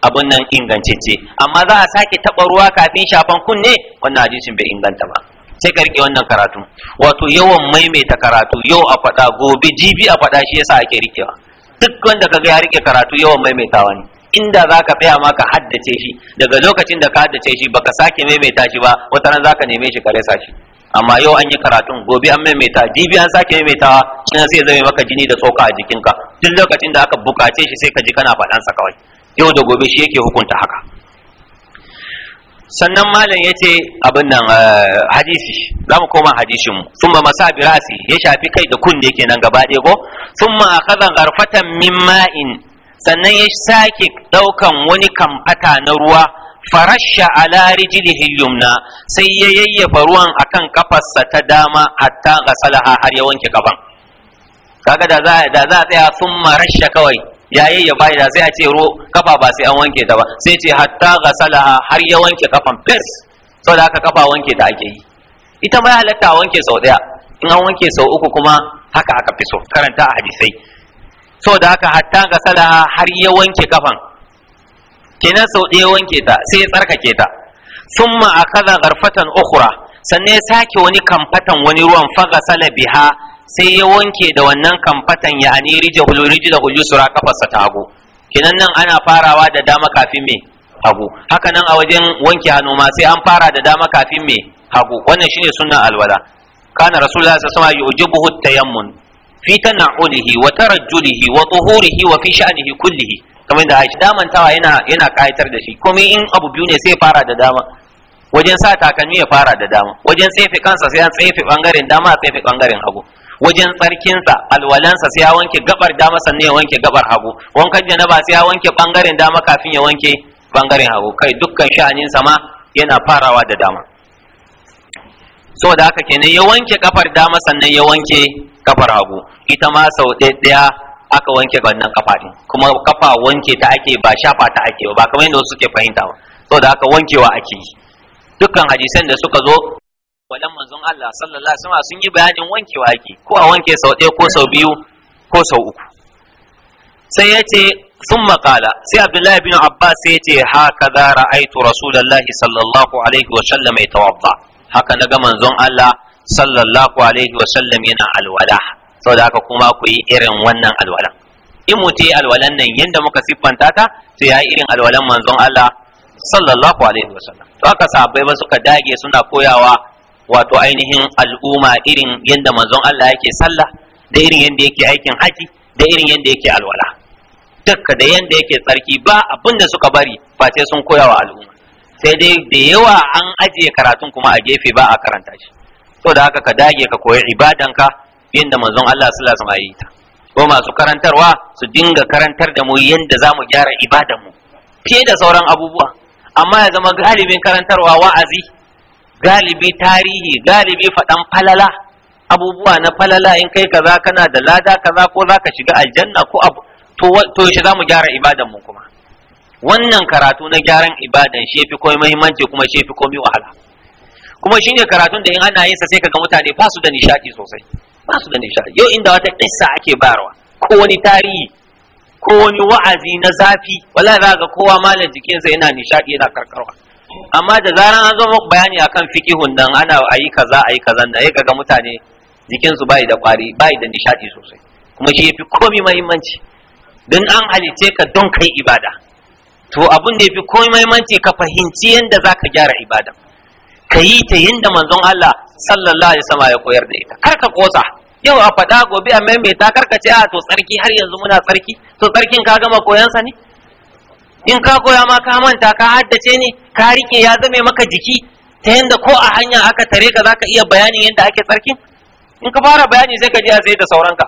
abun nan ingantacce amma za a sake taɓa ruwa kafin shafan kunne wannan hadisin bai inganta ba sai ka rike wannan karatu wato yawan maimaita karatu yau a faɗa gobe jibi a faɗa shi yasa ake rikewa duk wanda kaga ya rike karatu yawan maimaitawa ne inda zaka ka tsaya ma ka haddace shi daga lokacin da ka haddace shi baka sake maimaita shi ba wata ran zaka neme shi ka rasa shi amma yau an yi karatun gobe an maimaita jibi an sake maimaitawa shi sai zai maka jini da tsoka a jikinka duk lokacin da aka bukace shi sai ka ji kana sa kawai yau da gobe shi yake hukunta haka sannan malam ya ce abin nan eh, hadisi za mu koma hadisin mu sun ma masa birasi ya shafi kai da kunne kenan gaba ɗaya ko sun ma a kazan garfatan min sannan ya sake ɗaukan wani kamfata na ruwa farasha lari rijlihi yumna sai ya yayyafa ruwan a kan kafarsa ta dama hatta salaha har ya wanke kafan kaga da za a tsaya sun ma rasha kawai yayi ya bai sai a ce ro kafa ba sai an wanke ta ba sai ce hatta ghasalaha har ya wanke kafan fes saboda haka kafa wanke ta ake yi ita ma ya halatta a wanke sau daya in an wanke sau uku kuma haka aka fi so karanta a hadisai saboda haka hatta ghasalaha har ya wanke kafan kenan sau daya wanke ta sai ya tsarkake ta summa akaza gharfatan ukhra sannan ya sake wani kamfatan wani ruwan faghasala biha sai ya wanke da wannan kamfatan ya ani da hulu sura kafarsa ta hagu kenan nan ana farawa da dama kafin me hagu haka nan a wajen wanke hannu ma sai an fara da dama kafin me hagu wannan shine sunnan alwala kana rasulullahi sallallahu alaihi wasallam yujibuhu tayammun fi tana'ulihi wa tarajjulihi wa tuhurihi wa fi sha'nihi kullihi kamar da Aisha tawa yana yana kayatar da shi komai in abu biyu ne sai fara da dama wajen sa takalmi ya fara da dama wajen tsefe kansa sai an tsefe bangaren dama tsefe bangaren hagu wajen tsarkinsa alwalansa sai ya wanke gabar dama sannan ya wanke gabar hagu wankan janaba sai ya wanke bangaren dama kafin ya wanke bangaren hagu kai dukkan sha'anin sama yana farawa da dama so da haka kenan ya wanke kafar dama sannan ya wanke kafar hagu ita ma sau ɗaya aka wanke wannan kafa din kuma kafa wanke ta ake ba shafa ta ake ba kamar yadda suke fahimta ba so da haka wankewa ake yi dukkan hadisan da suka zo walan manzon Allah sallallahu alaihi wasallam sun yi bayanin wanke wake ko a wanke sau ɗaya ko sau biyu ko sau uku sai ya ce sun maƙala sai abdullahi bin abbas sai ya ce haka za ra'aitu rasulullahi sallallahu alaihi wasallam ya haka na ga manzon Allah sallallahu alaihi wasallam yana alwala saboda haka kuma ku yi irin wannan alwala in mutum yi alwalan nan yanda muka siffanta ta to yayi irin alwalan manzon Allah sallallahu alaihi wasallam to haka sahabbai ba suka dage suna koyawa wato ainihin al'umma irin yadda manzon Allah yake sallah da irin yadda yake aikin haji da irin yadda yake alwala dukka da yadda yake tsarki ba abin da suka bari face sun koya wa al'umma sai dai da yawa an ajiye karatun kuma a gefe ba a karanta shi to da haka ka dage ka koyi ka yadda manzon Allah sallallahu alaihi wasallam ko masu karantarwa su dinga karantar da mu yadda zamu gyara ibada'n mu? fiye da sauran abubuwa amma ya zama galibin karantarwa wa'azi galibi tarihi galibi faɗan falala abubuwa na falala in kai kaza kana da lada kaza ko za shiga aljanna ko abu to to shi za mu gyara ibadan mu kuma wannan karatu na gyaran ibadan shi yafi komai muhimmanci kuma shi yafi komai wahala kuma shine karatun da in ana yin sa sai kaga mutane ba su da nishadi sosai ba su da nishadi yau inda wata kissa ake bayarwa ko wani tarihi ko wani wa'azi na zafi wallahi za ga kowa malam jikinsa yana nishadi yana karkarwa amma da zaran an zo muku bayani akan fikihun nan ana ayi kaza ayi kaza da ya kaga mutane jikinsu bai da kwari bai da nishadi sosai kuma shi yafi komai muhimmanci don an halice ka don kai ibada to abun da yafi komai muhimmanci ka fahimci yanda zaka gyara ibada ka yi ta yinda manzon Allah sallallahu alaihi wasallam ya koyar da ita kar ka kosa yau a faɗa gobe a maimaita kar ka ce a to tsarki har yanzu muna tsarki to tsarkin ka gama koyansa ne in ka koya ma ka manta ka haddace ni ka rike ya zame maka jiki ta yanda ko a hanya aka tare ka zaka iya bayanin yadda ake tsarki in ka fara bayani sai ka ji sai da sauranka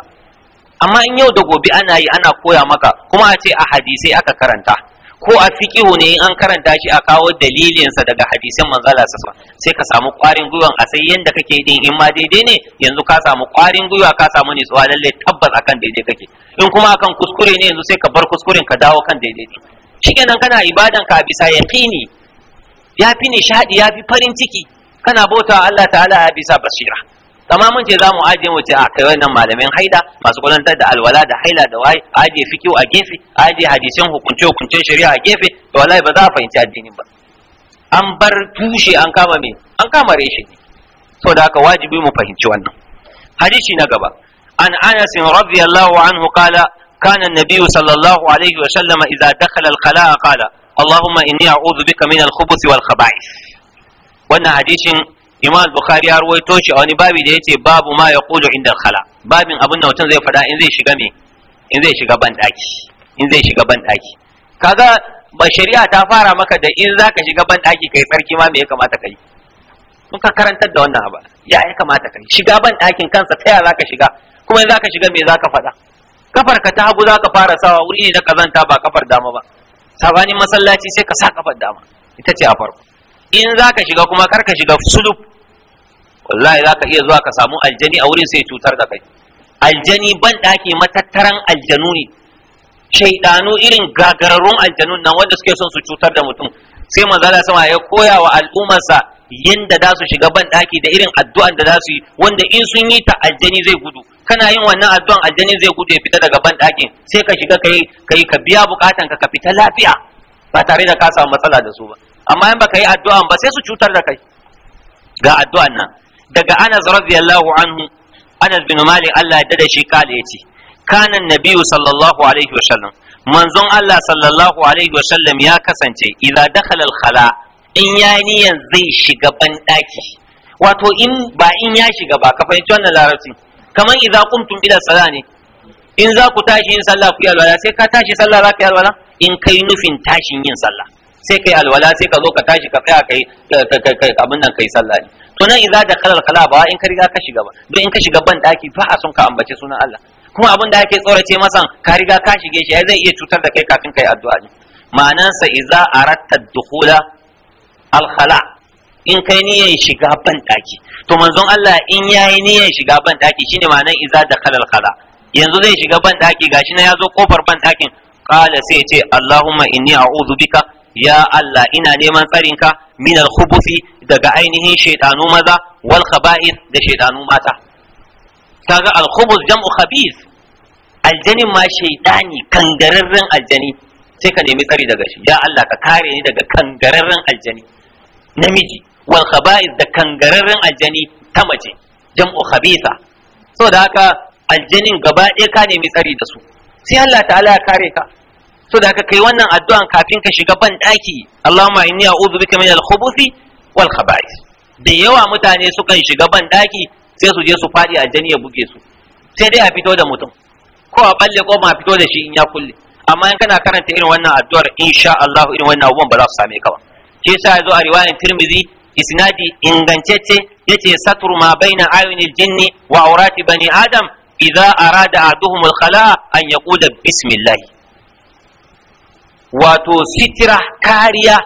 amma in yau da gobe ana yi ana koya maka kuma a ce a hadisai aka karanta ko a fiqihu ne an karanta shi a kawo dalilinsa daga hadisin manzala sassa sai ka samu ƙwarin gwiwa a sai yanda kake din in ma daidai ne yanzu ka samu ƙwarin gwiwa ka samu nutsuwa lalle tabbas akan daidai kake in kuma akan kuskure ne yanzu sai ka bar kuskuren ka dawo kan daidai shikenan kana ibadan ka bisa yaqini ya fi nishadi ya fi farin ciki kana bauta Allah ta'ala ya bisa basira kamar mun ce za mu aje mu ce a kai wannan malamin haida masu kulantar da alwala da haila da wai aje fikiu a gefe aje hadisin hukunce hukuncen shari'a a gefe to wallahi ba za a fahimci addinin ba an bar tushe an kama me an kama reshe ne so da haka wajibi mu fahimci wannan hadisi na gaba an anas radiyallahu anhu kala كان النبي صلى الله عليه وسلم إذا دخل الخلاء قال اللهم إني أعوذ بك من الخبث والخبائث wannan hadisin imam bukhari ya ruwaito shi a wani babi da yace babu ma ya kulu inda khala babin abin da mutum zai faɗa in zai shiga me in zai shari'a ta fara maka da in shiga kai ma me ya kamata ka karantar da wannan ba ya ya kamata kai shiga ban kansa ta ya ka shiga kuma in ka shiga me ka faɗa kafar ka ta hagu za ka fara sawa wuri ne na kazanta ba kafar dama ba sabanin masallaci sai ka sa kafar dama ita ce a farko in za ka shiga kuma kar ka shiga sulub wallahi za ka iya zuwa ka samu aljani a wurin sai cutar da kai aljani ban ɗaki matattaran aljanu ne shaidanu irin gagararrun aljanun nan wanda suke son su cutar da mutum sai manzala sama ya koya wa al'ummarsa yadda za su shiga ban ɗaki da irin addu'an da za su yi wanda in sun yi ta aljani zai gudu kana yin wannan addu'an aljani zai gudu fita daga banɗakin sai ka shiga kai kai ka biya bukatan ka ka fita lafiya ba tare da ka samu matsala da su ba amma in baka yi addu'an ba sai su cutar da kai ga addu'an nan daga Anas radiyallahu anhu Anas bin Malik Allah ya da shi kale yace kana nabiyyu sallallahu alaihi wa sallam manzon Allah sallallahu alaihi wa sallam ya kasance idza dakhala al-khala in yayi niyan zai shiga banɗaki wato in ba in ya shiga ba ka fahimci wannan larabcin kamar idza qumtum ila salati ne in za ku tashi yin sallah ku yi alwala sai ka tashi sallah za ka yi alwala in kai nufin tashin yin sallah sai kai alwala sai ka zo ka tashi ka kaya kai abin nan kai sallah ne to nan idza da kalal kala ba in ka riga ka shiga ba don in ka shiga ban daki ba a son ka ambace sunan Allah kuma abin da ake tsorace masa ka riga ka shige shi zai iya cutar da kai kafin kai addu'a ne ma'anansa idza aratta dukhula al khala in kai niyyar shiga ban daki to manzon Allah in yayi niyyar shiga ban daki shine ma'anar iza da kalal kala yanzu zai shiga ban daki gashi na yazo kofar ban dakin qala sai ce Allahumma inni a'udhu bika ya Allah ina neman tsarinka min al daga ainihin shaytanu maza wal khaba'ith da shaytanu mata kaga al khubuz jam'u khabith aljanin ma shaytani kangararren aljani sai ka nemi tsari daga shi ya Allah ka kare ni daga kangararren aljani namiji wal khaba'is da kangararren aljani ta mace jam'u khabisa da haka aljanin gaba ɗaya ka nemi tsari da su sai Allah ta'ala ya kare ka so da kai wannan addu'an kafin ka shiga ban daki Allahumma inni a'udhu bika min al-khubuthi wal khaba'ith da yawa mutane suka shiga ban daki sai su je su fadi a ya buge su sai dai a fito da mutum ko a balle ko ma fito da shi in ya kulle amma in kana karanta irin wannan addu'ar insha Allah irin wannan abubuwan ba za su same ka ba shi ya zo a riwayan Tirmidhi isnadi ingantacce yace satru ma baina ayunil jinni wa aurati bani adam idza arada aduhum al khala an yaqula bismillah wato sitira kariya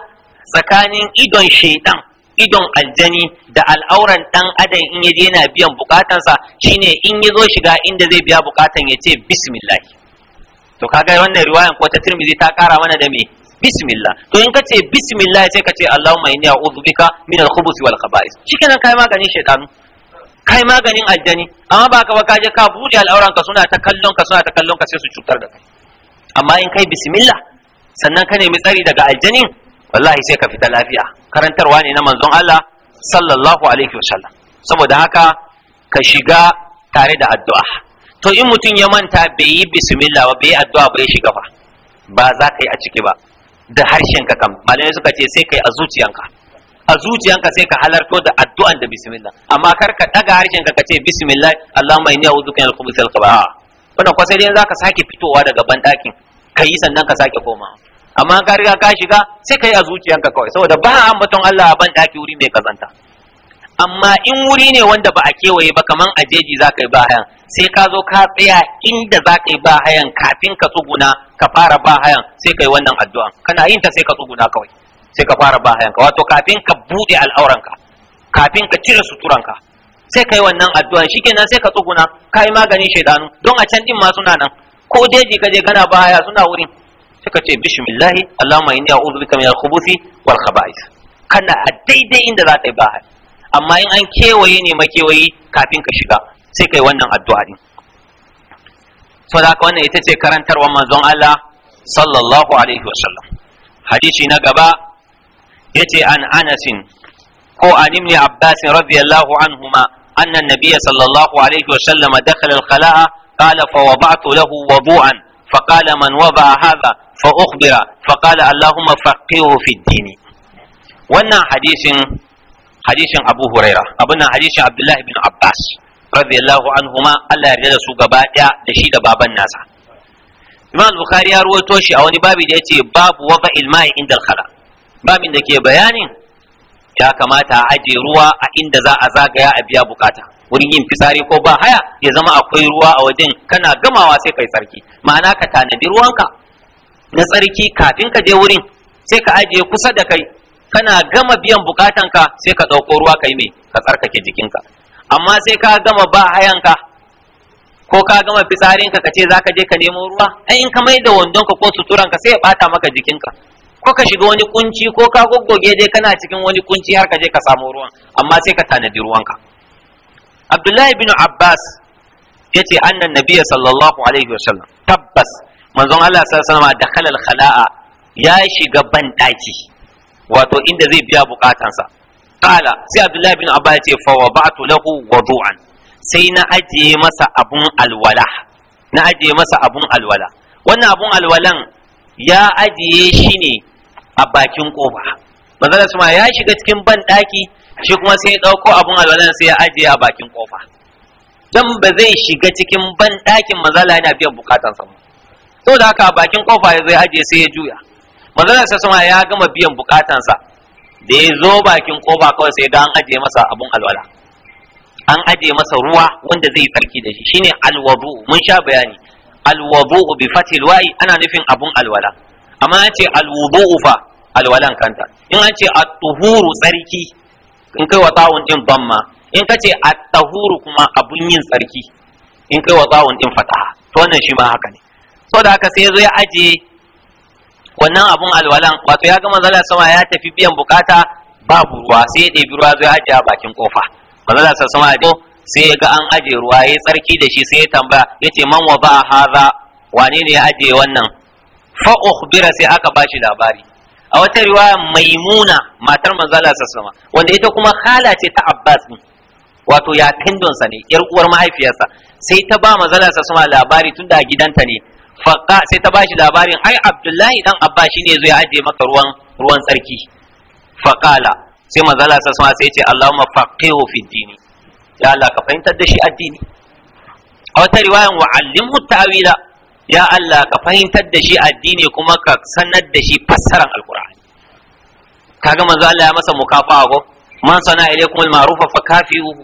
tsakanin idon shaiɗan, idon aljani da al'auran dan adam in yaje yana biyan bukatansa shine in yazo shiga inda zai biya bukatan yace bismillah to kaga wannan riwayan ko ta Tirmidhi ta kara mana da me bismillah to in kace bismillah sai kace allahumma inni a'udhu bika min al-khubuth wal khaba'ith shikenan kai maganin shaytan kai maganin aljani amma ba ka ba ka je ka buɗe al'auran ka suna ta kallon ka suna ta kallon ka sai su cutar da kai amma in kai bismillah sannan ka nemi tsari daga aljanin wallahi sai ka fita lafiya karantarwa ne na manzon Allah sallallahu alaihi sallam. saboda haka ka shiga tare da addu'a to in mutum ya manta bai yi bismillah ba bai yi addu'a bai shiga ba ba za ka yi a ciki ba da harshenka kam malamai suka ce sai kai a zuciyanka a zuciyanka sai ka halarto da addu'an da bismillah amma kar ka daga harshenka ka ce bismillah allahumma inni a'udhu bika min al-khubuthi wal wannan kwasai dai zaka sake fitowa daga bandakin kai sannan ka sake komawa amma ka riga ka shiga sai ka a zuciyanka kawai saboda ba ambaton Allah a ban wuri mai kazanta amma in wuri ne wanda ba a kewaye ba kaman a jeji za ka yi bayan sai ka zo ka tsaya inda za ka yi ba hayan kafin ka tsuguna ka fara ba hayan sai ka yi wannan addu'a kana yin ta sai ka tsuguna kawai sai ka fara ba hayan ka wato kafin ka bude al'auranka kafin ka cire suturanka sai ka yi wannan addu'a shikenan sai ka tsuguna ka yi maganin shaidanu don a can din ma suna nan ko jeji ka je kana ba haya suna wurin sai ka ce bismillahi allahumma inni a'udhu bika min al-khubuthi wal khaba'ith kana a daidai inda za ka yi ba hayan amma in an kewaye ne makewayi kafin ka shiga sai kai wannan addu'a din saboda haka wannan ita ce karantar manzon Allah sallallahu alaihi hadisi na gaba yace an Anas ko an ibn Abbas radiyallahu anhuma anna sallallahu alaihi dakhala al lahu wudu'an fa qala fa ukhbira fa qala allahumma wannan hadisin hadisin Abu Huraira abin Abdullah bin Abbas radiyallahu anhuma Allah ya yarda da su gaba daya da shi da baban nasa Imam Bukhari ya ruwaito shi a wani babi da yace babu wada ilmai inda al-khala babin da ke bayanin ya kamata a aje ruwa a inda za a zagaya a biya bukata wurin yin fitsari ko ba haya ya zama akwai ruwa a wajen kana gamawa sai kai sarki ma'ana ka tanadi ruwanka na tsarki kafin ka je wurin sai ka ajiye kusa da kai kana gama biyan bukatanka sai ka ɗauko ruwa kai mai ka tsarkake jikinka amma sai ka gama ba hayanka ko ka gama fitsarinka ka ce za ka je ka nemo ruwa ai in ka mai da wandonka ko suturanka sai ya bata maka jikinka ko ka shiga wani kunci ko ka goggoge dai kana cikin wani kunci har ka je ka samu ruwan amma sai ka tanadi ruwanka Abdullahi bin Abbas yace annan nabiyya sallallahu alaihi wasallam tabbas manzon Allah sallallahu alaihi wasallam da khalaa ya shiga ban wato inda zai biya bukatansa qala sai abdullahi bin abba ya ce fa wada'tu lahu an sai na ajiye masa abun alwala na ajiye masa abun alwala wannan abun alwalan ya ajiye shi ne a bakin kofa manzala suma ya shiga cikin ban daki shi kuma sai ɗauko abun alwalan sai ya ajiye a bakin ƙofa. Don ba zai shiga cikin ban dakin manzala yana biyan bukatansa ba da haka a bakin ƙofa ya zai ajiye sai ya juya manzala suma ya gama biyan bukatansa da ya zo bakin koba kawai sai don an aje masa abun alwala an ajiye masa ruwa wanda zai tsarki da shi shine alwabu mun sha bayani alwadu bi fatil wa'i ana nufin abun alwala amma an ce alwudu fa alwalan kanta in an ce at-tuhuru tsarki in kai wa din bamma in ka ce at-tahuru kuma abun yin tsarki in kai wa din fataha to wannan shi ma haka ne saboda haka sai ya zo ya ajiye wannan abun alwalan wato ya ga zala sama ya tafi biyan bukata babu ruwa sai ya ɗebi ruwa zai ajiye a bakin kofa manzala sama ya sai ya ga an ajiye ruwa ya tsarki da shi sai ya tambaya ya ce man wa ba'a haza wane ne ya ajiye wannan fa bira sai aka bashi labari a wata riwaya maimuna matar manzala sama wanda ita kuma khala ce ta abbas ne wato ya kindonsa ne yar uwar mahaifiyarsa sai ta ba manzala sama labari tunda a gidanta ne faqa sai ta bashi labarin ai abdullahi dan abba shine zai aje maka ruwan ruwan tsarki faqala sai manzala sa sama sai ce allahumma faqihu fi dini ya Allah ka fahimtar da shi addini a wata riwayan wa allimhu ta'wila ya Allah ka fahimtar da shi addini kuma ka sanar da shi fassaran alqur'ani kaga manzo Allah ya masa mukafa'a ko man sana ilaykum al fa fakafi'uhu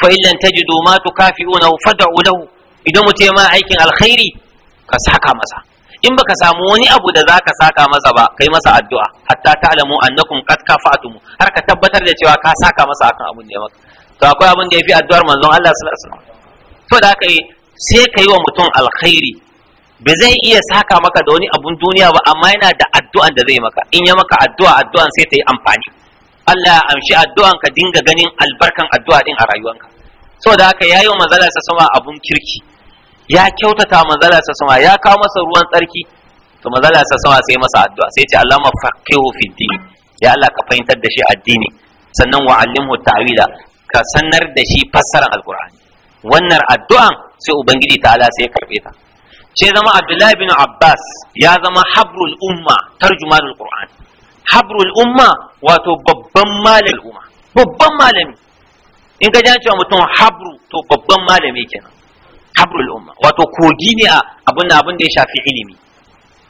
fa in lam tajidu ma tukafi'unahu fad'u lahu idan mutum ma aikin alkhairi ka saka masa in baka samu wani abu da zaka saka masa ba kai masa addu'a hatta ta'lamu annakum qad kafa'tum har ka tabbatar da cewa ka saka masa akan abin da ya maka to akwai abin da yafi addu'ar manzon Allah sallallahu alaihi wasallam to da kai eh, sai kai wa mutum alkhairi ba zai iya saka maka da wani abun duniya ba amma yana da addu'an da zai maka in ya maka addu'a addu'an sai ta yi amfani Allah ya amshi addu'an ka dinga ganin albarkan addu'a din a rayuwanka saboda haka yayi wa manzon Allah sallallahu alaihi wasallam abun kirki ya kyautata manzala sa sama ya kawo masa ruwan tsarki to manzala sa sama sai masa addu'a sai ce Allah mafaqihu fi ya Allah ka fahimtar da shi addini sannan wa allimhu ta'wila ka sanar da shi fassarar alqur'ani wannan addu'an sai ubangiji ta'ala sai ya karbe ta sai zama Abdullahi bin Abbas ya zama habrul umma tarjumanul qur'an habrul umma wato babban malamin umma babban malami in ka ji cewa mutum habru to babban malami kenan habrul umma wato kogi ne a abin da abin da ya shafi ilimi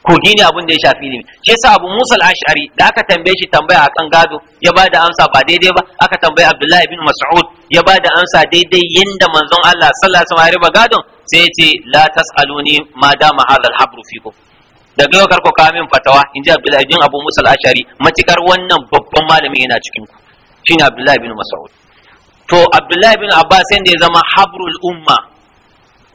kogi ne abin da ya shafi ilimi shi yasa abu musa al-ash'ari da aka tambaye shi tambaya kan gado ya ba da amsa ba daidai ba aka tambaye abdullahi ibn mas'ud ya ba da amsa daidai yanda manzon Allah sallallahu alaihi wasallam ya gadon sai ya ce la tas'aluni ma dama hadha al-habru fikum daga yau karko kawo min fatawa in ji abdullahi bin abu musa al-ash'ari matikar wannan babban malamin yana cikin ku shine abdullahi bin mas'ud to abdullahi bin abbas sai da ya zama habrul umma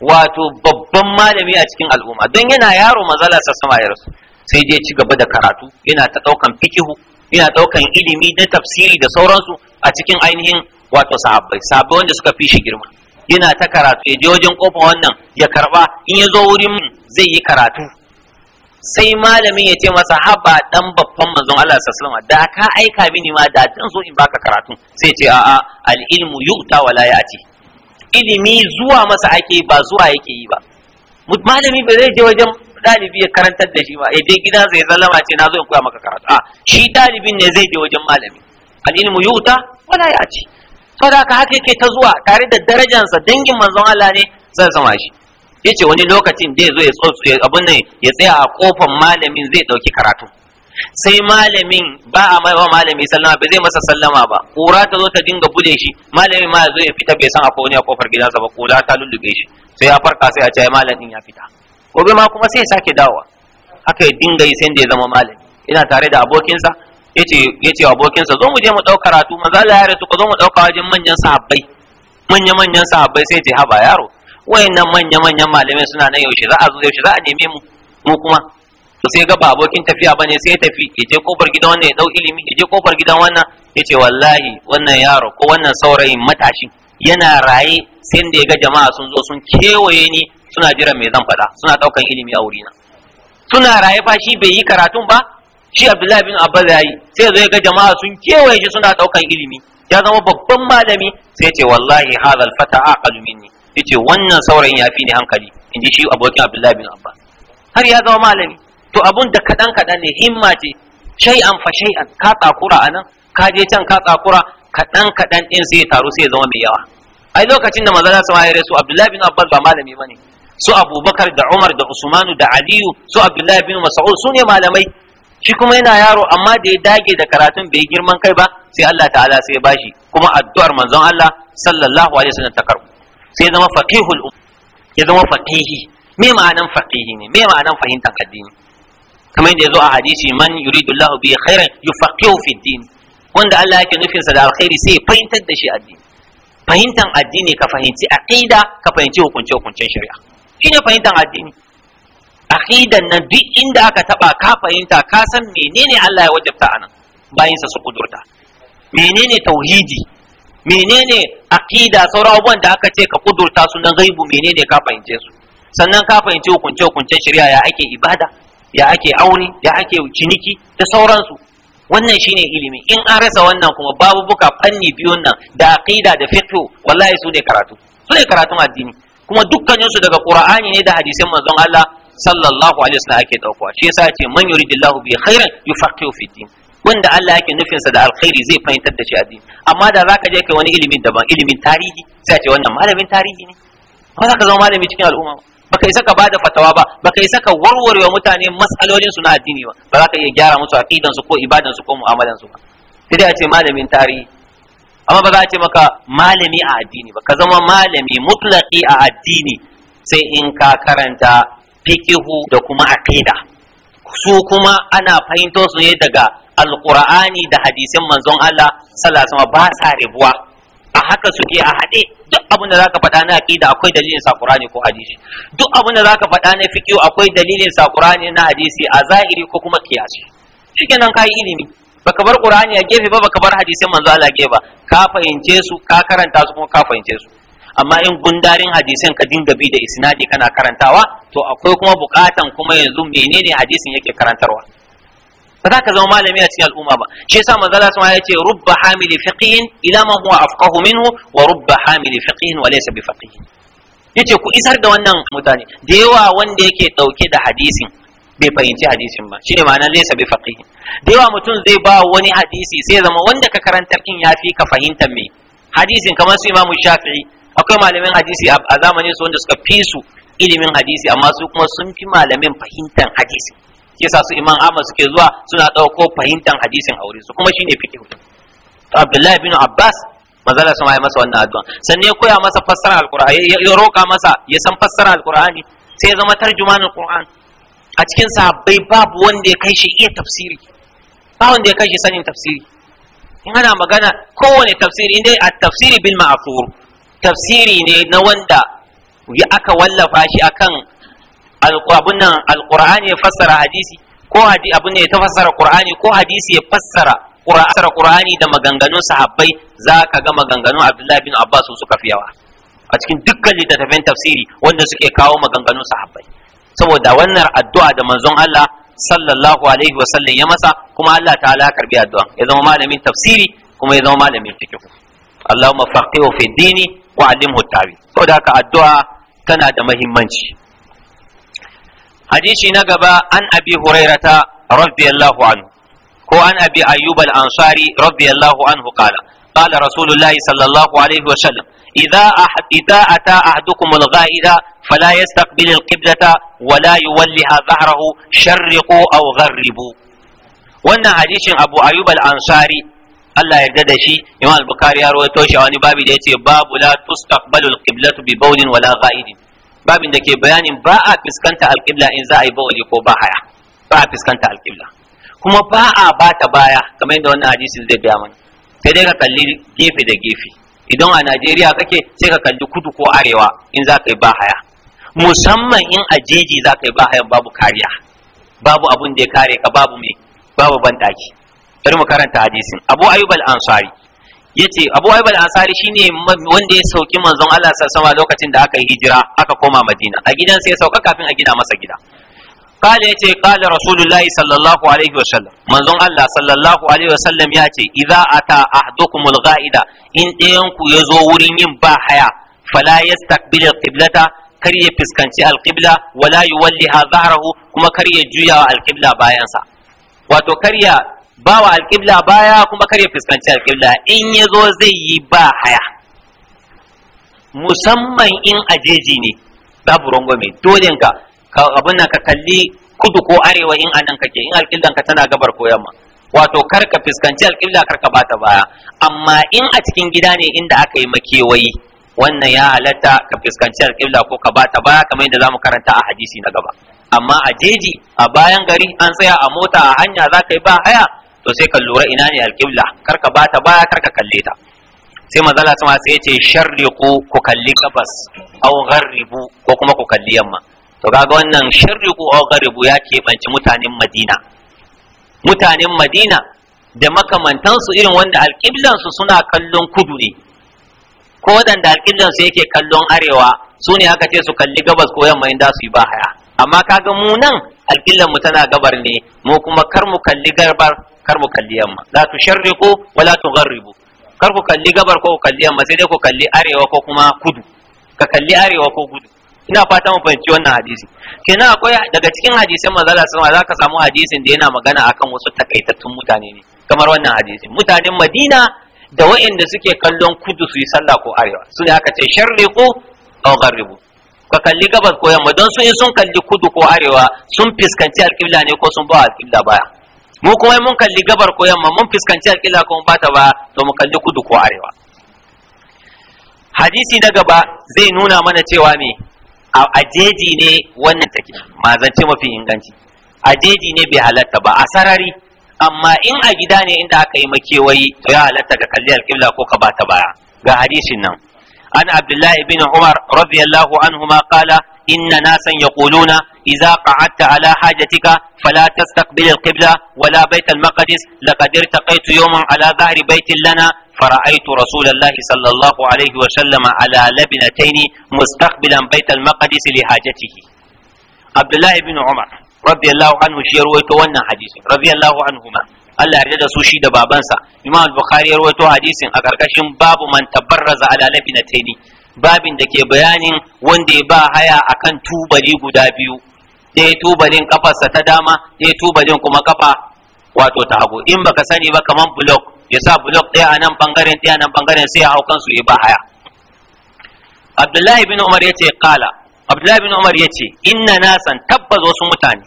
wato babban malami a cikin al'umma don yana yaro mazala sa sama ya rasu sai dai ci gaba da karatu yana ta daukan fikihu yana daukan ilimi da tafsiri da sauransu a cikin ainihin wato sahabbai sahabbai wanda suka fi shi girma yana ta karatu ya je wajen kofa wannan ya karba in ya zo wurin zai yi karatu sai malamin ya ce masa haba dan babban manzon Allah sallallahu alaihi da ka aika mini ma da dan so in baka karatu sai ce a'a al ilmu yu'ta wala ya'ti ilimi zuwa masa ake yi ba zuwa yake yi ba malami ba zai je wajen ɗalibi ya karantar da shi ba ya je gida zai zallama ce na zo in koya maka karatu a shi ɗalibin ne zai je wajen malami al ilmu yuta wala ya ci saboda haka haka yake ta zuwa tare da darajansa dangin manzon Allah ne zai zama shi yace wani lokacin zai zo ya abun nan ya tsaya a kofar malamin zai dauki karatu sai malamin ba a maiwa malami sallama ba zai masa sallama ba kura ta zo ta dinga bule shi malamin ma ya zo ya fita bai san akwai wani a kofar gidansa ba kura ta lullube shi sai ya farka sai a ce malamin ya fita gobe ma kuma sai ya sake dawowa haka ya dinga yi sai da ya zama malami ina tare da abokinsa ya ce abokinsa zo mu je mu ɗauka karatu maza da yare suka zo mu ɗauka wajen manyan sahabbai manya manyan sahabbai sai ce haba yaro wayannan manya manyan malamai suna nan yaushe za a zo yaushe za a neme mu mu kuma to sai ga ba abokin tafiya bane sai tafi ya je kofar gidan wannan ya dau ilimi ya je kofar gidan wannan ya ce wallahi wannan yaro ko wannan saurayin matashi yana raye sai da ya ga jama'a sun zo sun kewaye ni suna jiran me zan faɗa suna ɗaukan ilimi a wurina suna raye fa shi bai yi karatun ba shi Abdullahi bin Abbas ya yi sai zo ya ga jama'a sun kewaye shi suna ɗaukan ilimi ya zama babban malami sai ya ce wallahi hadha al-fata aqalu minni yace wannan saurayin yafi ni hankali inji shi abokin Abdullahi bin Abbas har ya zama malami to abun da kaɗan kaɗan ne himma ce shay'an fa shay'an ka tsakura nan, ka je can ka tsakura kaɗan kaɗan ɗin sai taru sai zama mai yawa ai lokacin da manzon sama ya rasu Abdullahi bin Abbas ba malami bane su Abubakar da Umar da Usmanu da Aliyu su Abdullahi bin Mas'ud su ne malamai shi kuma yana yaro amma da ya dage da karatun bai girman kai ba sai Allah ta'ala sai ya bashi kuma addu'ar manzon Allah sallallahu alaihi wasallam ta karbu sai zama faqihul um, ya zama faqihi me ma'anan faqihi ne me ma'anan fahimtar addini kamar yadda zo a hadisi man yuridullahu bi khairan yufaqihu fi din wanda Allah yake nufin sa da alkhairi sai ya fahimtar da shi addini Fahimtar addini ka fahimci aqida ka fahimci hukunce hukuncen shari'a shine fahimtar addini aqidan nan duk inda aka taba ka fahimta ka san menene Allah ya wajabta anan bayin sa su kudurta menene tauhidi menene aqida sauran abubuwan da aka ce ka kudurta sunan nan gaibu menene ka fahimce su sannan ka fahimci hukunce hukuncen shari'a ya ake ibada ya ake aure ya ake ciniki da sauransu wannan shine ilimi in an rasa wannan kuma babu buka fanni biyun nan da aqida da fiqh wallahi su ne karatu su ne karatun addini kuma dukkaninsu daga qur'ani ne da hadisin manzon Allah sallallahu alaihi wasallam ake daukowa shi yasa ce man yuridillahu bi khairan yufaqihu fi din wanda Allah yake nufin sa da alkhairi zai fahimtar da shi addini amma da zaka je kai wani ilimin daban ilimin tarihi sai ce wannan malamin tarihi ne ba za ka zama malami cikin al'umma ba baka isa ka bada fatawa ba baka yi saka warware mutane mas'alolin su na addini ba ba za ka iya gyara musu aqidan su ko ibadan su ko mu'amalan su ba sai a ce malamin tarihi amma ba za a ce maka malami a addini ba ka zama malami mutlaki a addini sai in ka karanta fikihu da kuma aqida su kuma ana fahimtar su ne daga alqur'ani da hadisin manzon Allah sallallahu alaihi wasallam ba sa ribuwa a haka suke a haɗe duk abin da zaka faɗa na aƙida akwai dalilin sa ko hadisi duk abin da zaka faɗa na fikiyo akwai dalilin sa na hadisi a zahiri ko kuma kiyasi nan kayi ilimi baka bar ƙur'ani a gefe ba baka bar hadisi manzo Allah gefe ba ka fahimce su ka karanta su kuma ka fahimce su amma in gundarin hadisin ka dinga bi da isnadi kana karantawa to akwai kuma bukatan kuma yanzu menene hadisin yake karantarwa ba za ka zama malami a cikin al'umma ba shi yasa manzala sun ya ce rubba hamili fiqhin ila man huwa afqahu minhu wa rubba hamili fiqhin wa laysa bi faqihin yace ku isar da wannan mutane da yawa wanda yake dauke da hadisin bai fahimci hadisin ba shine ma'ana laysa bi faqihin da yawa mutum zai ba wani hadisi sai zama wanda ka karantar kin yafi ka fahimtar me hadisin kamar su imamu shafi'i akwai malamin hadisi a zamanin su wanda suka fi su ilimin hadisi amma su kuma sun fi malamin fahimtar hadisi shi yasa su imam Ahmad suke zuwa suna ɗauko fahimtar hadisin aure su kuma shine fiqh to Abdullahi bin Abbas manzala sun yi masa wannan addu'a sannan ya koya masa fassara alqur'ani ya roka masa ya san fassara alqur'ani sai ya zama tarjuman alqur'an a cikin sahabbai babu wanda ya kai shi iya tafsiri ba wanda ya kai shi sanin tafsiri in ana magana kowane tafsiri inda a tafsiri bil ma'thur tafsiri ne na wanda ya aka wallafa shi akan abun nan alqur'ani ya fassara hadisi ko abun ne ya fassara qur'ani ko hadisi ya fassara fassara qur'ani da maganganun sahabbai za ka ga maganganun abdullahi bin abbas suka fi yawa a cikin dukkan littattafan tafsiri wanda suke kawo maganganun sahabbai saboda wannan addu'a da manzon Allah sallallahu alaihi wa sallam ya masa kuma Allah ta'ala ya karbi addu'a ya zama malamin tafsiri kuma ya zama malamin fiqh Allahumma faqihu fi dini wa alimhu tawi saboda haka addu'a tana da muhimmanci hadisi na gaba an abi hurairata radiyallahu anhu ko an abi ayyub al-ansari radiyallahu anhu qala qala rasulullahi alaihi wa sallam idza idza ata ahadukum al-gha'ida fala yastaqbil al-qiblata wala yuwalliha dhahrahu sharriqu aw gharribu wannan hadisin abu ayyub ansari Allah yarda da shi Imam al-Bukhari ya ruwa shi a wani babi ya ce babu la tustaqbalul kiblatu bi bawlin wala gha'idin babin da ke bayanin ba a fuskanta alƙibla in za a yi bawali ko ba haya ba a fuskanta alƙibla kuma ba a bata baya kamar yadda wannan hadisin zai biya mana sai dai ka kalli gefe da gefe idan a Najeriya kake sai ka kalli kudu ko arewa in za ka yi ba haya musamman in a jeji za ka yi ba hayan babu kariya babu abun da ya kare ka babu mai babu bandaki bari mu karanta hadisin abu ayyub al ansari yace abu aibar ansari shine wanda ya sauki manzon Allah sallallahu alaihi lokacin da aka yi hijira aka koma Madina a gidan sai ya sauka kafin a gida masa gida qala yace qala rasulullahi sallallahu alaihi wasallam manzon Allah sallallahu alaihi wasallam yace idza ata ahdukumul ghaida in ɗayan ya zo wurin yin bahaya fala yastaqbil qiblata kar ya fiskanci alqibla wala yuwalliha zahrahu kuma kar ya juya alqibla bayansa wato karya. ba wa alƙibla baya kuma kar fuskanci alƙibla in ya zo zai yi ba haya musamman in ajeji ne babu rangwame dole ka abin nan ka kalli kudu ko arewa in anan kake in alƙiblan ka tana gabar ko yamma wato kar ka fuskanci alƙibla kar ka bata baya amma in a cikin gida ne inda aka yi makewayi wannan ya halatta ka fuskanci alƙibla ko ka bata baya kamar yadda zamu karanta a hadisi na gaba amma a jeji a bayan gari an tsaya a mota a hanya za ka yi ba haya to sai ka lura ina ne alƙibla? kar ka bata baya kar ka kalle ta sai manzala sama sai ce sharriqu ku kalli gabas aw gharibu ko kuma ku kalli yamma to kaga wannan sharriqu aw gharibu ya banci mutanen Madina mutanen Madina da makamantansu irin wanda su suna kallon kudu ne ko wadanda alƙiblan su yake kallon arewa su ne aka ce su kalli gabas ko yamma inda su yi haya amma kaga mu nan alƙillan mu tana gabar ne mu kuma kar mu kalli gabar kar mu kalli yamma la tusharriqu wala la kar ku kalli gabar ko kalli yamma sai dai ku kalli arewa ko kuma kudu ka kalli arewa ko kudu ina fata mu fahimci wannan hadisi kenan akwai daga cikin hadisan manzo Allah sallallahu alaihi wasallam samu hadisin da yana magana akan wasu takaitattun mutane ne kamar wannan hadisi mutanen Madina da waɗanda suke kallon kudu su yi sallah ko arewa su ne aka ce sharriqu aw gharribu ka kalli gabas ko yamma don su in sun kalli kudu ko arewa sun fiskanci alƙibla ne ko sun ba alƙibla baya mu kuma mun kalli gabar ko yamma mun fuskanci alƙila kuma ba ta ba to mu kalli kudu ko arewa hadisi na gaba zai nuna mana cewa me a jeji ne wannan take mazance mafi inganci a jeji ne bai halatta ba a sarari amma in a gida ne inda aka yi makewayi to ya halatta ka kalli alƙibla ko ka bata baya ga hadisin nan an abdullahi bin umar radiyallahu anhuma qala إننا سيقولون إذا قعدت على حاجتك فلا تستقبل القبلة ولا بيت المقدس لقد ارتقيت يوما على ظهر بيت لنا فرأيت رسول الله صلى الله عليه وسلم على لبنتين مستقبلا بيت المقدس لحاجته عبد الله بن عمر رضي الله عنه شير ويتوانا حديث رضي الله عنهما Allah yarda da su shi da babansa Imam Bukhari ya rawaito hadisin a karkashin babu man tabarraza ala labinataini babin da ke bayanin wanda ya ba haya akan tubali guda biyu ɗaya tubalin kafarsa ta dama ɗaya tubalin kuma kafa wato ta hagu in baka sani ba kaman blok ya sa blok ɗaya a nan bangaren ɗaya a nan bangaren sai ya hau kansu ya ba haya abdullahi bin umar ya ce kala abdullahi bin umar ya ce inna nasan tabbas wasu mutane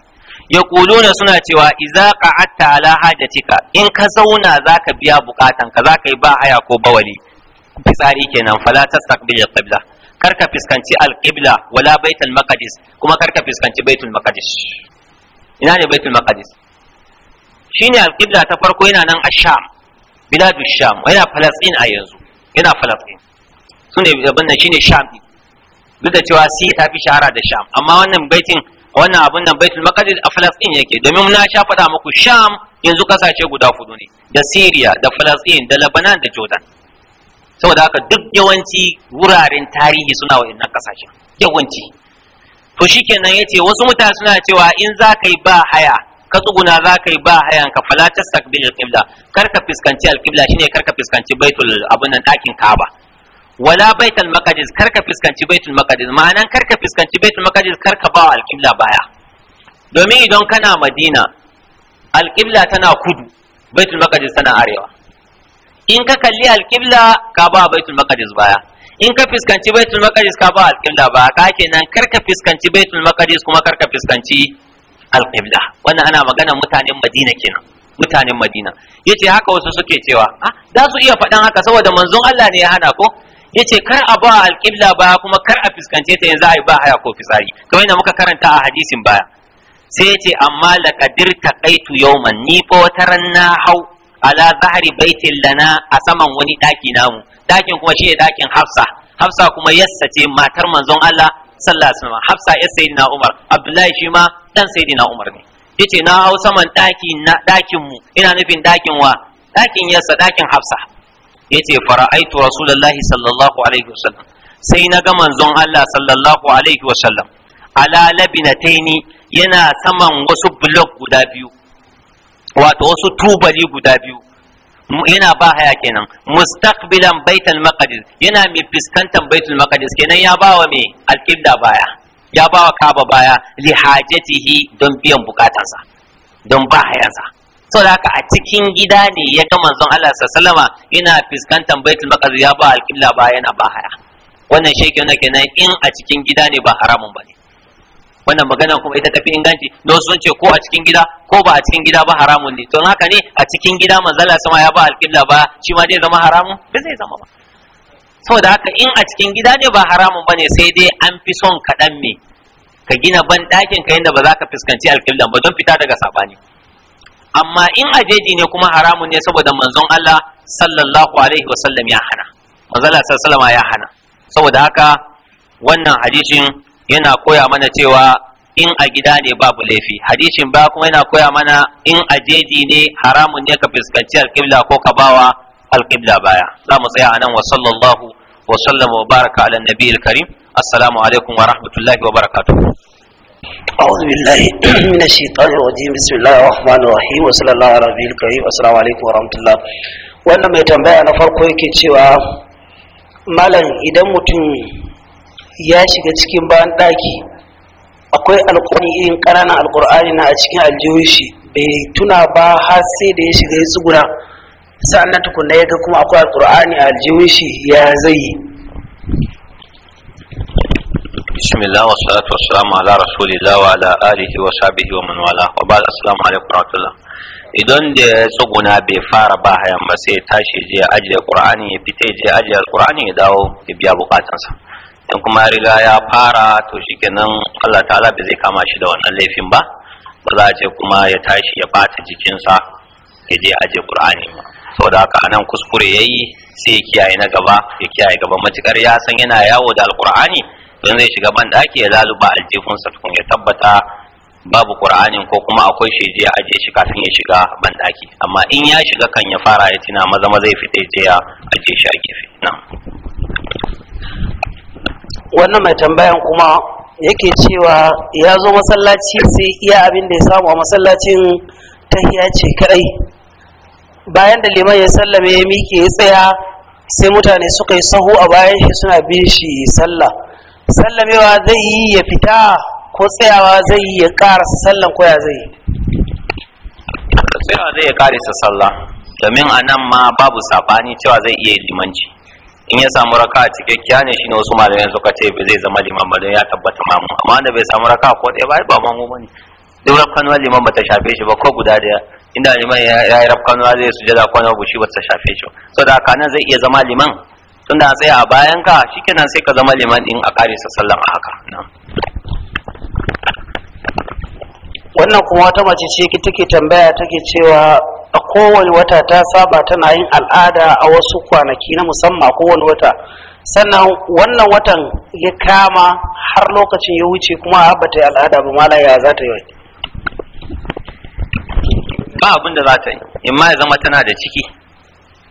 ya kuluna suna cewa iza ka qa'atta ala hajatika in ka zauna za ka biya za ka yi ba haya ko bawali fitsari kenan fala tastaqbil al-qibla karka fiskanci al-qibla wala baitul maqdis kuma karka fiskanci baitul maqdis ina ne baitul maqdis shine al-qibla ta farko yana nan ash-sham biladu sham yana falastin a yanzu yana falastin sune gaban nan shine sham duk da cewa si ta fi shahara da sham amma wannan baitin wannan abun nan baitul maqdis a falastin yake domin na sha faɗa muku sham yanzu kasashe guda hudu ne da syria da falastin da lebanon da jordan saboda haka duk yawanci wuraren tarihi suna wa wa'annan kasashen yawanci to shikenan yace wasu mutane suna cewa in za ka yi ba haya ka tsuguna za ka yi ba hayan ka fala sakbil qibla kar ka fuskanci qibla shine kar ka fuskanci baitul abun nan dakin kaaba wala baitul maqdis kar ka fuskanci baitul maqdis ma'anan kar ka fuskanci baitul maqdis kar ka ba qibla baya domin idan kana madina qibla tana kudu baitul maqdis tana arewa in ka kalli alƙibla ka ba baitul maqdis baya in ka fiskanci baitul maqdis ka ba alƙibla baya ka kenan kar ka fiskanci baitul maqdis kuma kar ka fiskanci alƙibla wannan ana magana mutanen madina kenan mutanen madina yace haka wasu suke cewa ah za su iya faɗan haka saboda manzon Allah ne ya hana ko yace kar a ba alƙibla baya kuma kar a fiskance ta yanzu a yi ba haya ko fitsari kamar yadda muka karanta a hadisin baya sai yace amma laqadir taqaitu yawman ni fa wataran na hau ala zahri baitin lana a saman wani daki namu dakin kuma shi ne dakin Hafsa Hafsa kuma yassa ce matar manzon Allah sallallahu alaihi wasallam Hafsa yar sayyidina Umar Abdullahi shi ma dan sayyidina Umar ne yace na hau saman daki na dakin mu ina nufin dakin wa dakin yassa dakin Hafsa yace fara'aitu rasulullahi sallallahu alaihi wasallam sai na ga manzon Allah sallallahu alaihi wasallam ala labinataini yana saman wasu blok guda biyu wato wasu tubali guda biyu yana ba haya kenan mustaqbilan baitul maqdis yana mai fuskantar baitul maqdis kenan ya bawa mai alqibla baya ya bawa kaba baya li hajatihi don biyan bukatansa don ba hayansa saboda haka a cikin gida ne ya ga manzon Allah sallama yana fuskantar baitul maqdis ya ba alqibla baya yana ba haya wannan shi kenan kenan in a cikin gida ne ba haramun ne. wannan magana kuma ita tafi inganci don sun ce ko a cikin gida ko ba a cikin gida ba haramun ne don haka ne a cikin gida manzala sama ya ba alƙilla ba shi ma zai zama haramun ba zai zama ba saboda haka in a cikin gida ne ba haramun ba ne sai dai an fi son kaɗan me ka gina ban ɗakin ka yadda ba za ka fuskanci alƙiblan ba don fita daga saɓani amma in a jeji ne kuma haramun ne saboda manzon Allah sallallahu alaihi wasallam ya hana manzala sallallahu alaihi ya hana saboda haka wannan hadisin yana koya mana cewa in a gida ne babu laifi hadisin ba kuma yana koya mana in a jeji ne haramun ne ka fuskanci alƙibla ko ka bawa alƙibla baya za mu tsaya a nan wa sallallahu wa sallama wa baraka ala nabiyil karim assalamu alaikum wa rahmatullahi wa barakatuh أعوذ بالله من الشيطان الرجيم بسم الله الرحمن الرحيم وصلى الله على نبي الكريم السلام عليكم ورحمة الله wannan mai tambaya na farko yake cewa malam idan mutum ya shiga cikin bayan ɗaki akwai alƙur'ani irin ƙananan alƙur'ani na a cikin aljihun bai tuna ba har sai da ya shiga ya tsuguna sa'annan tukunna ya ga kuma akwai alƙur'ani a aljihun ya zai yi bismillah wa salatu wa salamu ala rasulillah wa ala alihi wa sahbihi wa man wala wa ba'd assalamu alaikum warahmatullah idan da ya tsuguna bai fara ba hayan ba sai tashi je ajiye qur'ani ya fita je ajiye qur'ani ya dawo ya biya bukatansa in kuma riga ya fara to shikenan Allah ta'ala ba zai kama shi da wannan laifin ba ba za a ce kuma ya tashi ya bata jikinsa ya je aje Qur'ani ba saboda haka anan kuskure yayi sai ya kiyaye na gaba ya kiyaye gaba matukar ya san yana yawo da alqur'ani don zai shiga ban daki ya laluba aljihunsa tukun ya tabbata babu qur'anin ko kuma akwai shi je aje shi kafin ya shiga ban daki amma in ya shiga kan ya fara ya tina maza maza ya fita ya aje shi a gefe nan. wannan mai tambayan kuma yake cewa ya zo masallaci sai iya abin da ya samu a masallacin ta ce kadai bayan da liman ya sallame ya miƙe ya tsaya sai mutane suka yi sahu a bayan shi suna bin shi sallah sallamewa zai yi ya fita ko tsayawa zai yi ya ƙarasa sallan ko ya zai tsayawa zai ya sallah domin a nan ma babu sabani cewa zai iya limanci in ya samu raka cikakkiya ne shine wasu malamai suka ce zai zama liman ba don ya tabbata mamu amma wanda bai samu raka ko ɗaya ba ba mamu bane duk rafkanuwa liman ba ta shafe shi ba ko guda daya inda liman ya yi rafkanuwa zai sujada ko na ba ta shafe shi so da haka nan zai iya zama liman tunda a tsaya a bayan ka shikenan sai ka zama liman din a kare sallan a haka wannan kuma wata mace ce ki take tambaya take cewa a kowane wata ta saba tana yin al'ada a wasu kwanaki na musamman kowane wata sannan wannan watan ya kama har lokacin ya wuce kuma ba ta yi al'ada ba mala ya za ta yi ba abin da za ta yi in ma ya zama tana da ciki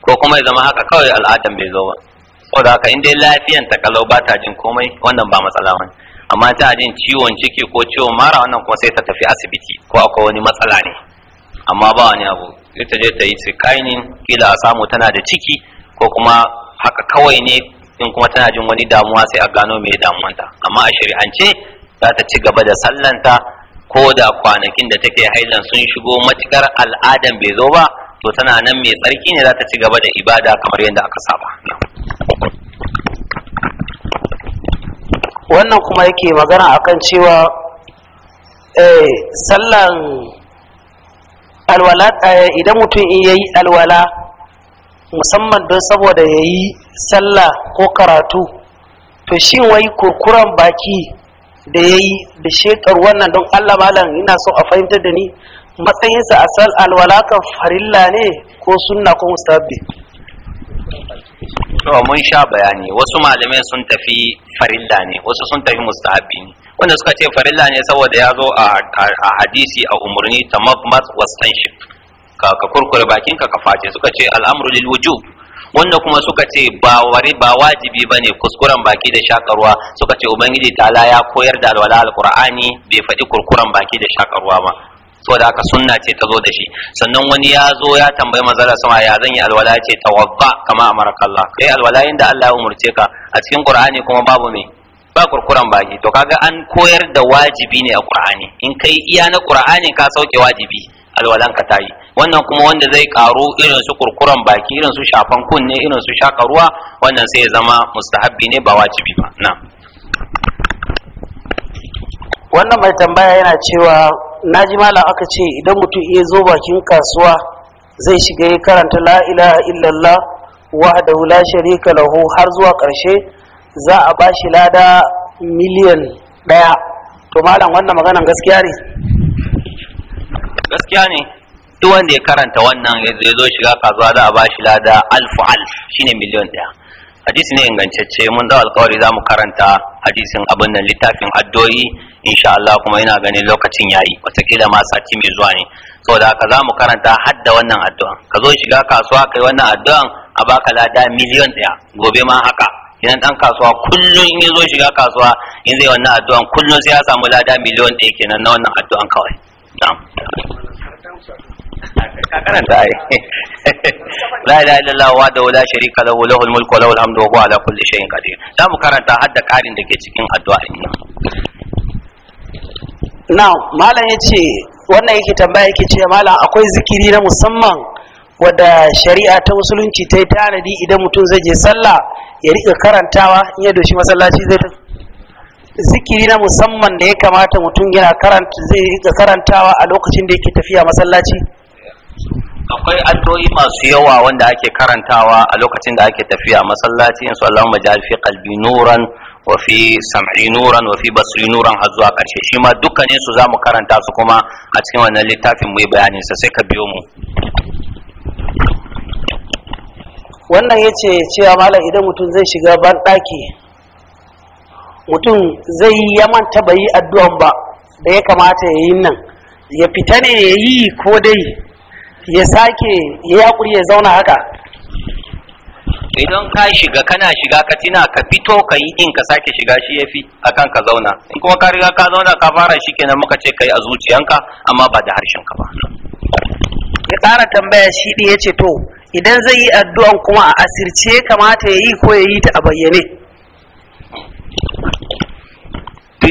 ko kuma ya zama haka kawai al'adan bai zo ba da haka in dai lafiyan ta kalau ba ta jin komai wannan ba matsala wani amma ta jin ciwon ciki ko ciwon mara wannan kuma sai ta tafi asibiti ko akwai wani matsala ne amma ba wani abu ita je ta yi sikainin kila a samu tana da ciki ko kuma haka kawai ne in kuma tana jin wani damuwa sai a gano mai damuwanta amma a shari'ance za ta ci gaba da sallanta ko da kwanakin da take hailan sun shigo matukar al'adan bai zo ba to tana nan mai tsarki ne za ta ci gaba da ibada kamar yadda aka saba wannan kuma yake magana akan cewa eh, sallan alwala eh, idan mutum ya yi alwala musamman don saboda ya yi sallah ko karatu to shi wai kurkuran baki da ya yi da shekar wannan don allah malam ina so a fahimtar da ni matsayinsa a sal alwala kan farilla ne ko sunna ko mustabbi to mun sha bayani wasu malamai sun tafi farilla ne wasu sun tafi mustahabi ne wanda suka ce farilla ne saboda ya zo a hadisi a umarni ta magmas wastanship ka ka kurkure bakin ka ka face suka ce al'amru lil wujub wanda kuma suka ce ba wari ba wajibi bane kuskuren baki da shakarwa suka ce ubangiji ta ya koyar da alwala alqur'ani bai faɗi kurkuren baki da shakarwa ba saboda aka sunna ce ta zo da shi sannan wani ya zo ya tambayi manzala sama ya zan yi alwala ce tawaffa kama amarka Allah kai alwala inda Allah ya umurce ka a cikin Qur'ani kuma babu me ba kurkuran baki to kaga an koyar da wajibi ne a Qur'ani in kai iya na Qur'ani ka sauke wajibi alwalan ka tayi wannan kuma wanda zai karu irin su kurkuran baki irin su shafan kunne irin su shaka ruwa wannan sai ya zama mustahabbi ne ba wajibi ba na'am wannan mai tambaya yana cewa na ji malam aka ce idan mutum iya zo bakin kasuwa zai shiga ya karanta la'ila a illallah da la sharika lahu har zuwa karshe za a ba shi lada miliyan daya to malam wannan maganan gaskiya ne gaskiya ne duk wanda ya karanta wannan ya zo shiga kasuwa za a ba shi lada alfu alf shine miliyan daya hadisi ne ingantacce mun da alkawari za mu karanta hadisin abin nan littafin addo'i insha Allah kuma ina ganin lokacin yayi wataƙila ma sati mai zuwa ne saboda haka za mu karanta hadda wannan addu'an ka zo shiga kasuwa kai wannan addu'an a baka lada miliyon ɗaya gobe ma haka idan dan kasuwa kullum in zo shiga kasuwa in zai wannan addu'an kullum sai ya samu lada miliyon ɗaya kenan na wannan addu'an kawai na'am ka karanta ai la ilaha illallah wa da wala sharika lahu lahul mulku wa lahul hamdu wa huwa ala kulli shay'in qadir za mu karanta hadda karin da ke cikin addu'a ina now malam ya ce wannan yake tambaya yake ce malam akwai zikiri na musamman wadda shari'a ta musulunci ta yi tanadi idan mutum zai je sallah ya rika karantawa in ya doshi masallaci zai ta zikiri na musamman da ya kamata mutum yana karanta zai rika karantawa a lokacin da yake tafiya masallaci akwai addu'o'i masu yawa wanda ake karantawa a lokacin da ake tafiya masallaci in su Allahumma ja'al fi qalbi nuran wa fi sam'i nuran wa fi basri nuran har zuwa karshe shi ma dukkanin su zamu karanta su kuma a cikin wannan littafin mu bayani bayanin sa sai ka biyo mu wannan yace cewa malam idan mutum zai shiga ban daki mutum zai ya manta bai addu'an ba da ya kamata ya yi nan ya fita ne ya yi ko dai ya sake ya yi hakuri ya zauna haka idan ka shiga kana shiga ka tina ka fito ka yi in ka sake shiga shi yafi akan ka zauna in kuma ka riga ka zauna ka fara shi kenan muka ce kai a zuciyanka amma ba da harshen ka ba ya ƙara tambaya shi ne ya to idan zai yi addu'an kuma a asirce kamata ya yi ko ya yi ta a bayyane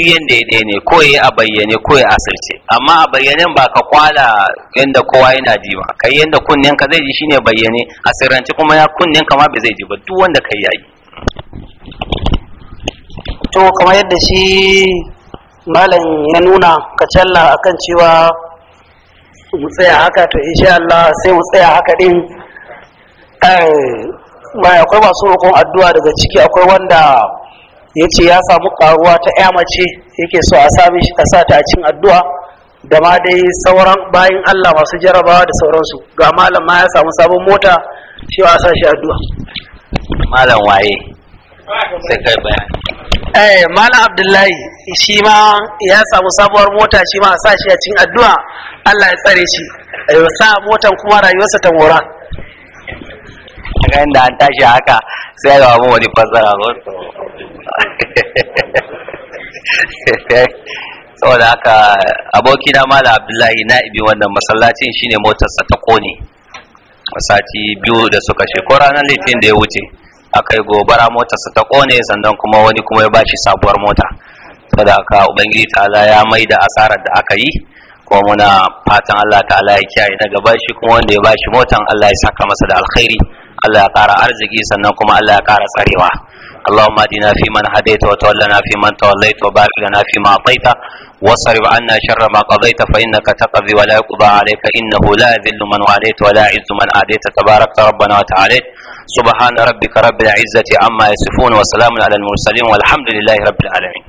duk yanda ya ɗaya ne ko ya a bayyane ko ya asirce amma a bayyanen ba ka kwala yadda kowa yana ji ba kai yanda kunnen ka zai ji shine bayyane asirance kuma ya kunnen ka ma bai zai ji ba duk wanda kai yayi to kamar yadda shi malam ya nuna ka challa akan cewa mu tsaya haka to insha Allah sai mu tsaya haka din Ba akwai masu roƙon addu'a daga ciki akwai wanda ya ce ya samu karuwa ta ya mace yake so a sami shi a sa ta a cin addu'a da ma dai sauran bayan Allah masu jarabawa da sauransu ga malam ma ya samu sabon mota shi a sa shi addu'a malam waye sai kai bayani eh malam abdullahi shi ma ya samu sabuwar mota shi ma a sa shi a cin addu'a Allah ya tsare shi ya sa motan kuma rayuwarsa ta mora ga inda an tashi haka sai ga mu wani fassara ko to saboda haka aboki na mala abdullahi na'ibi wannan masallacin shine motarsa ta kone sati biyu da suka ce ko ranar litinin da ya wuce aka yi gobara motarsa ta kone sannan kuma wani kuma ya bashi sabuwar mota saboda haka ubangiji ta'ala ya mai da asarar da aka yi kuma muna fatan Allah ta'ala ya kiyaye daga bashi kuma wanda ya bashi motan Allah ya saka masa da alkhairi Allah ya ƙara arziki sannan kuma Allah ya ƙara tsarewa اللهم اهدنا فيمن هديت وتولنا فيمن توليت وبارك لنا فيما اعطيت واصرف عنا شر ما قضيت فانك تقضي ولا يقضى عليك انه لا يذل من واليت ولا يعز من عاديت تبارك ربنا وتعاليت سبحان ربك رب العزه عما يصفون وسلام على المرسلين والحمد لله رب العالمين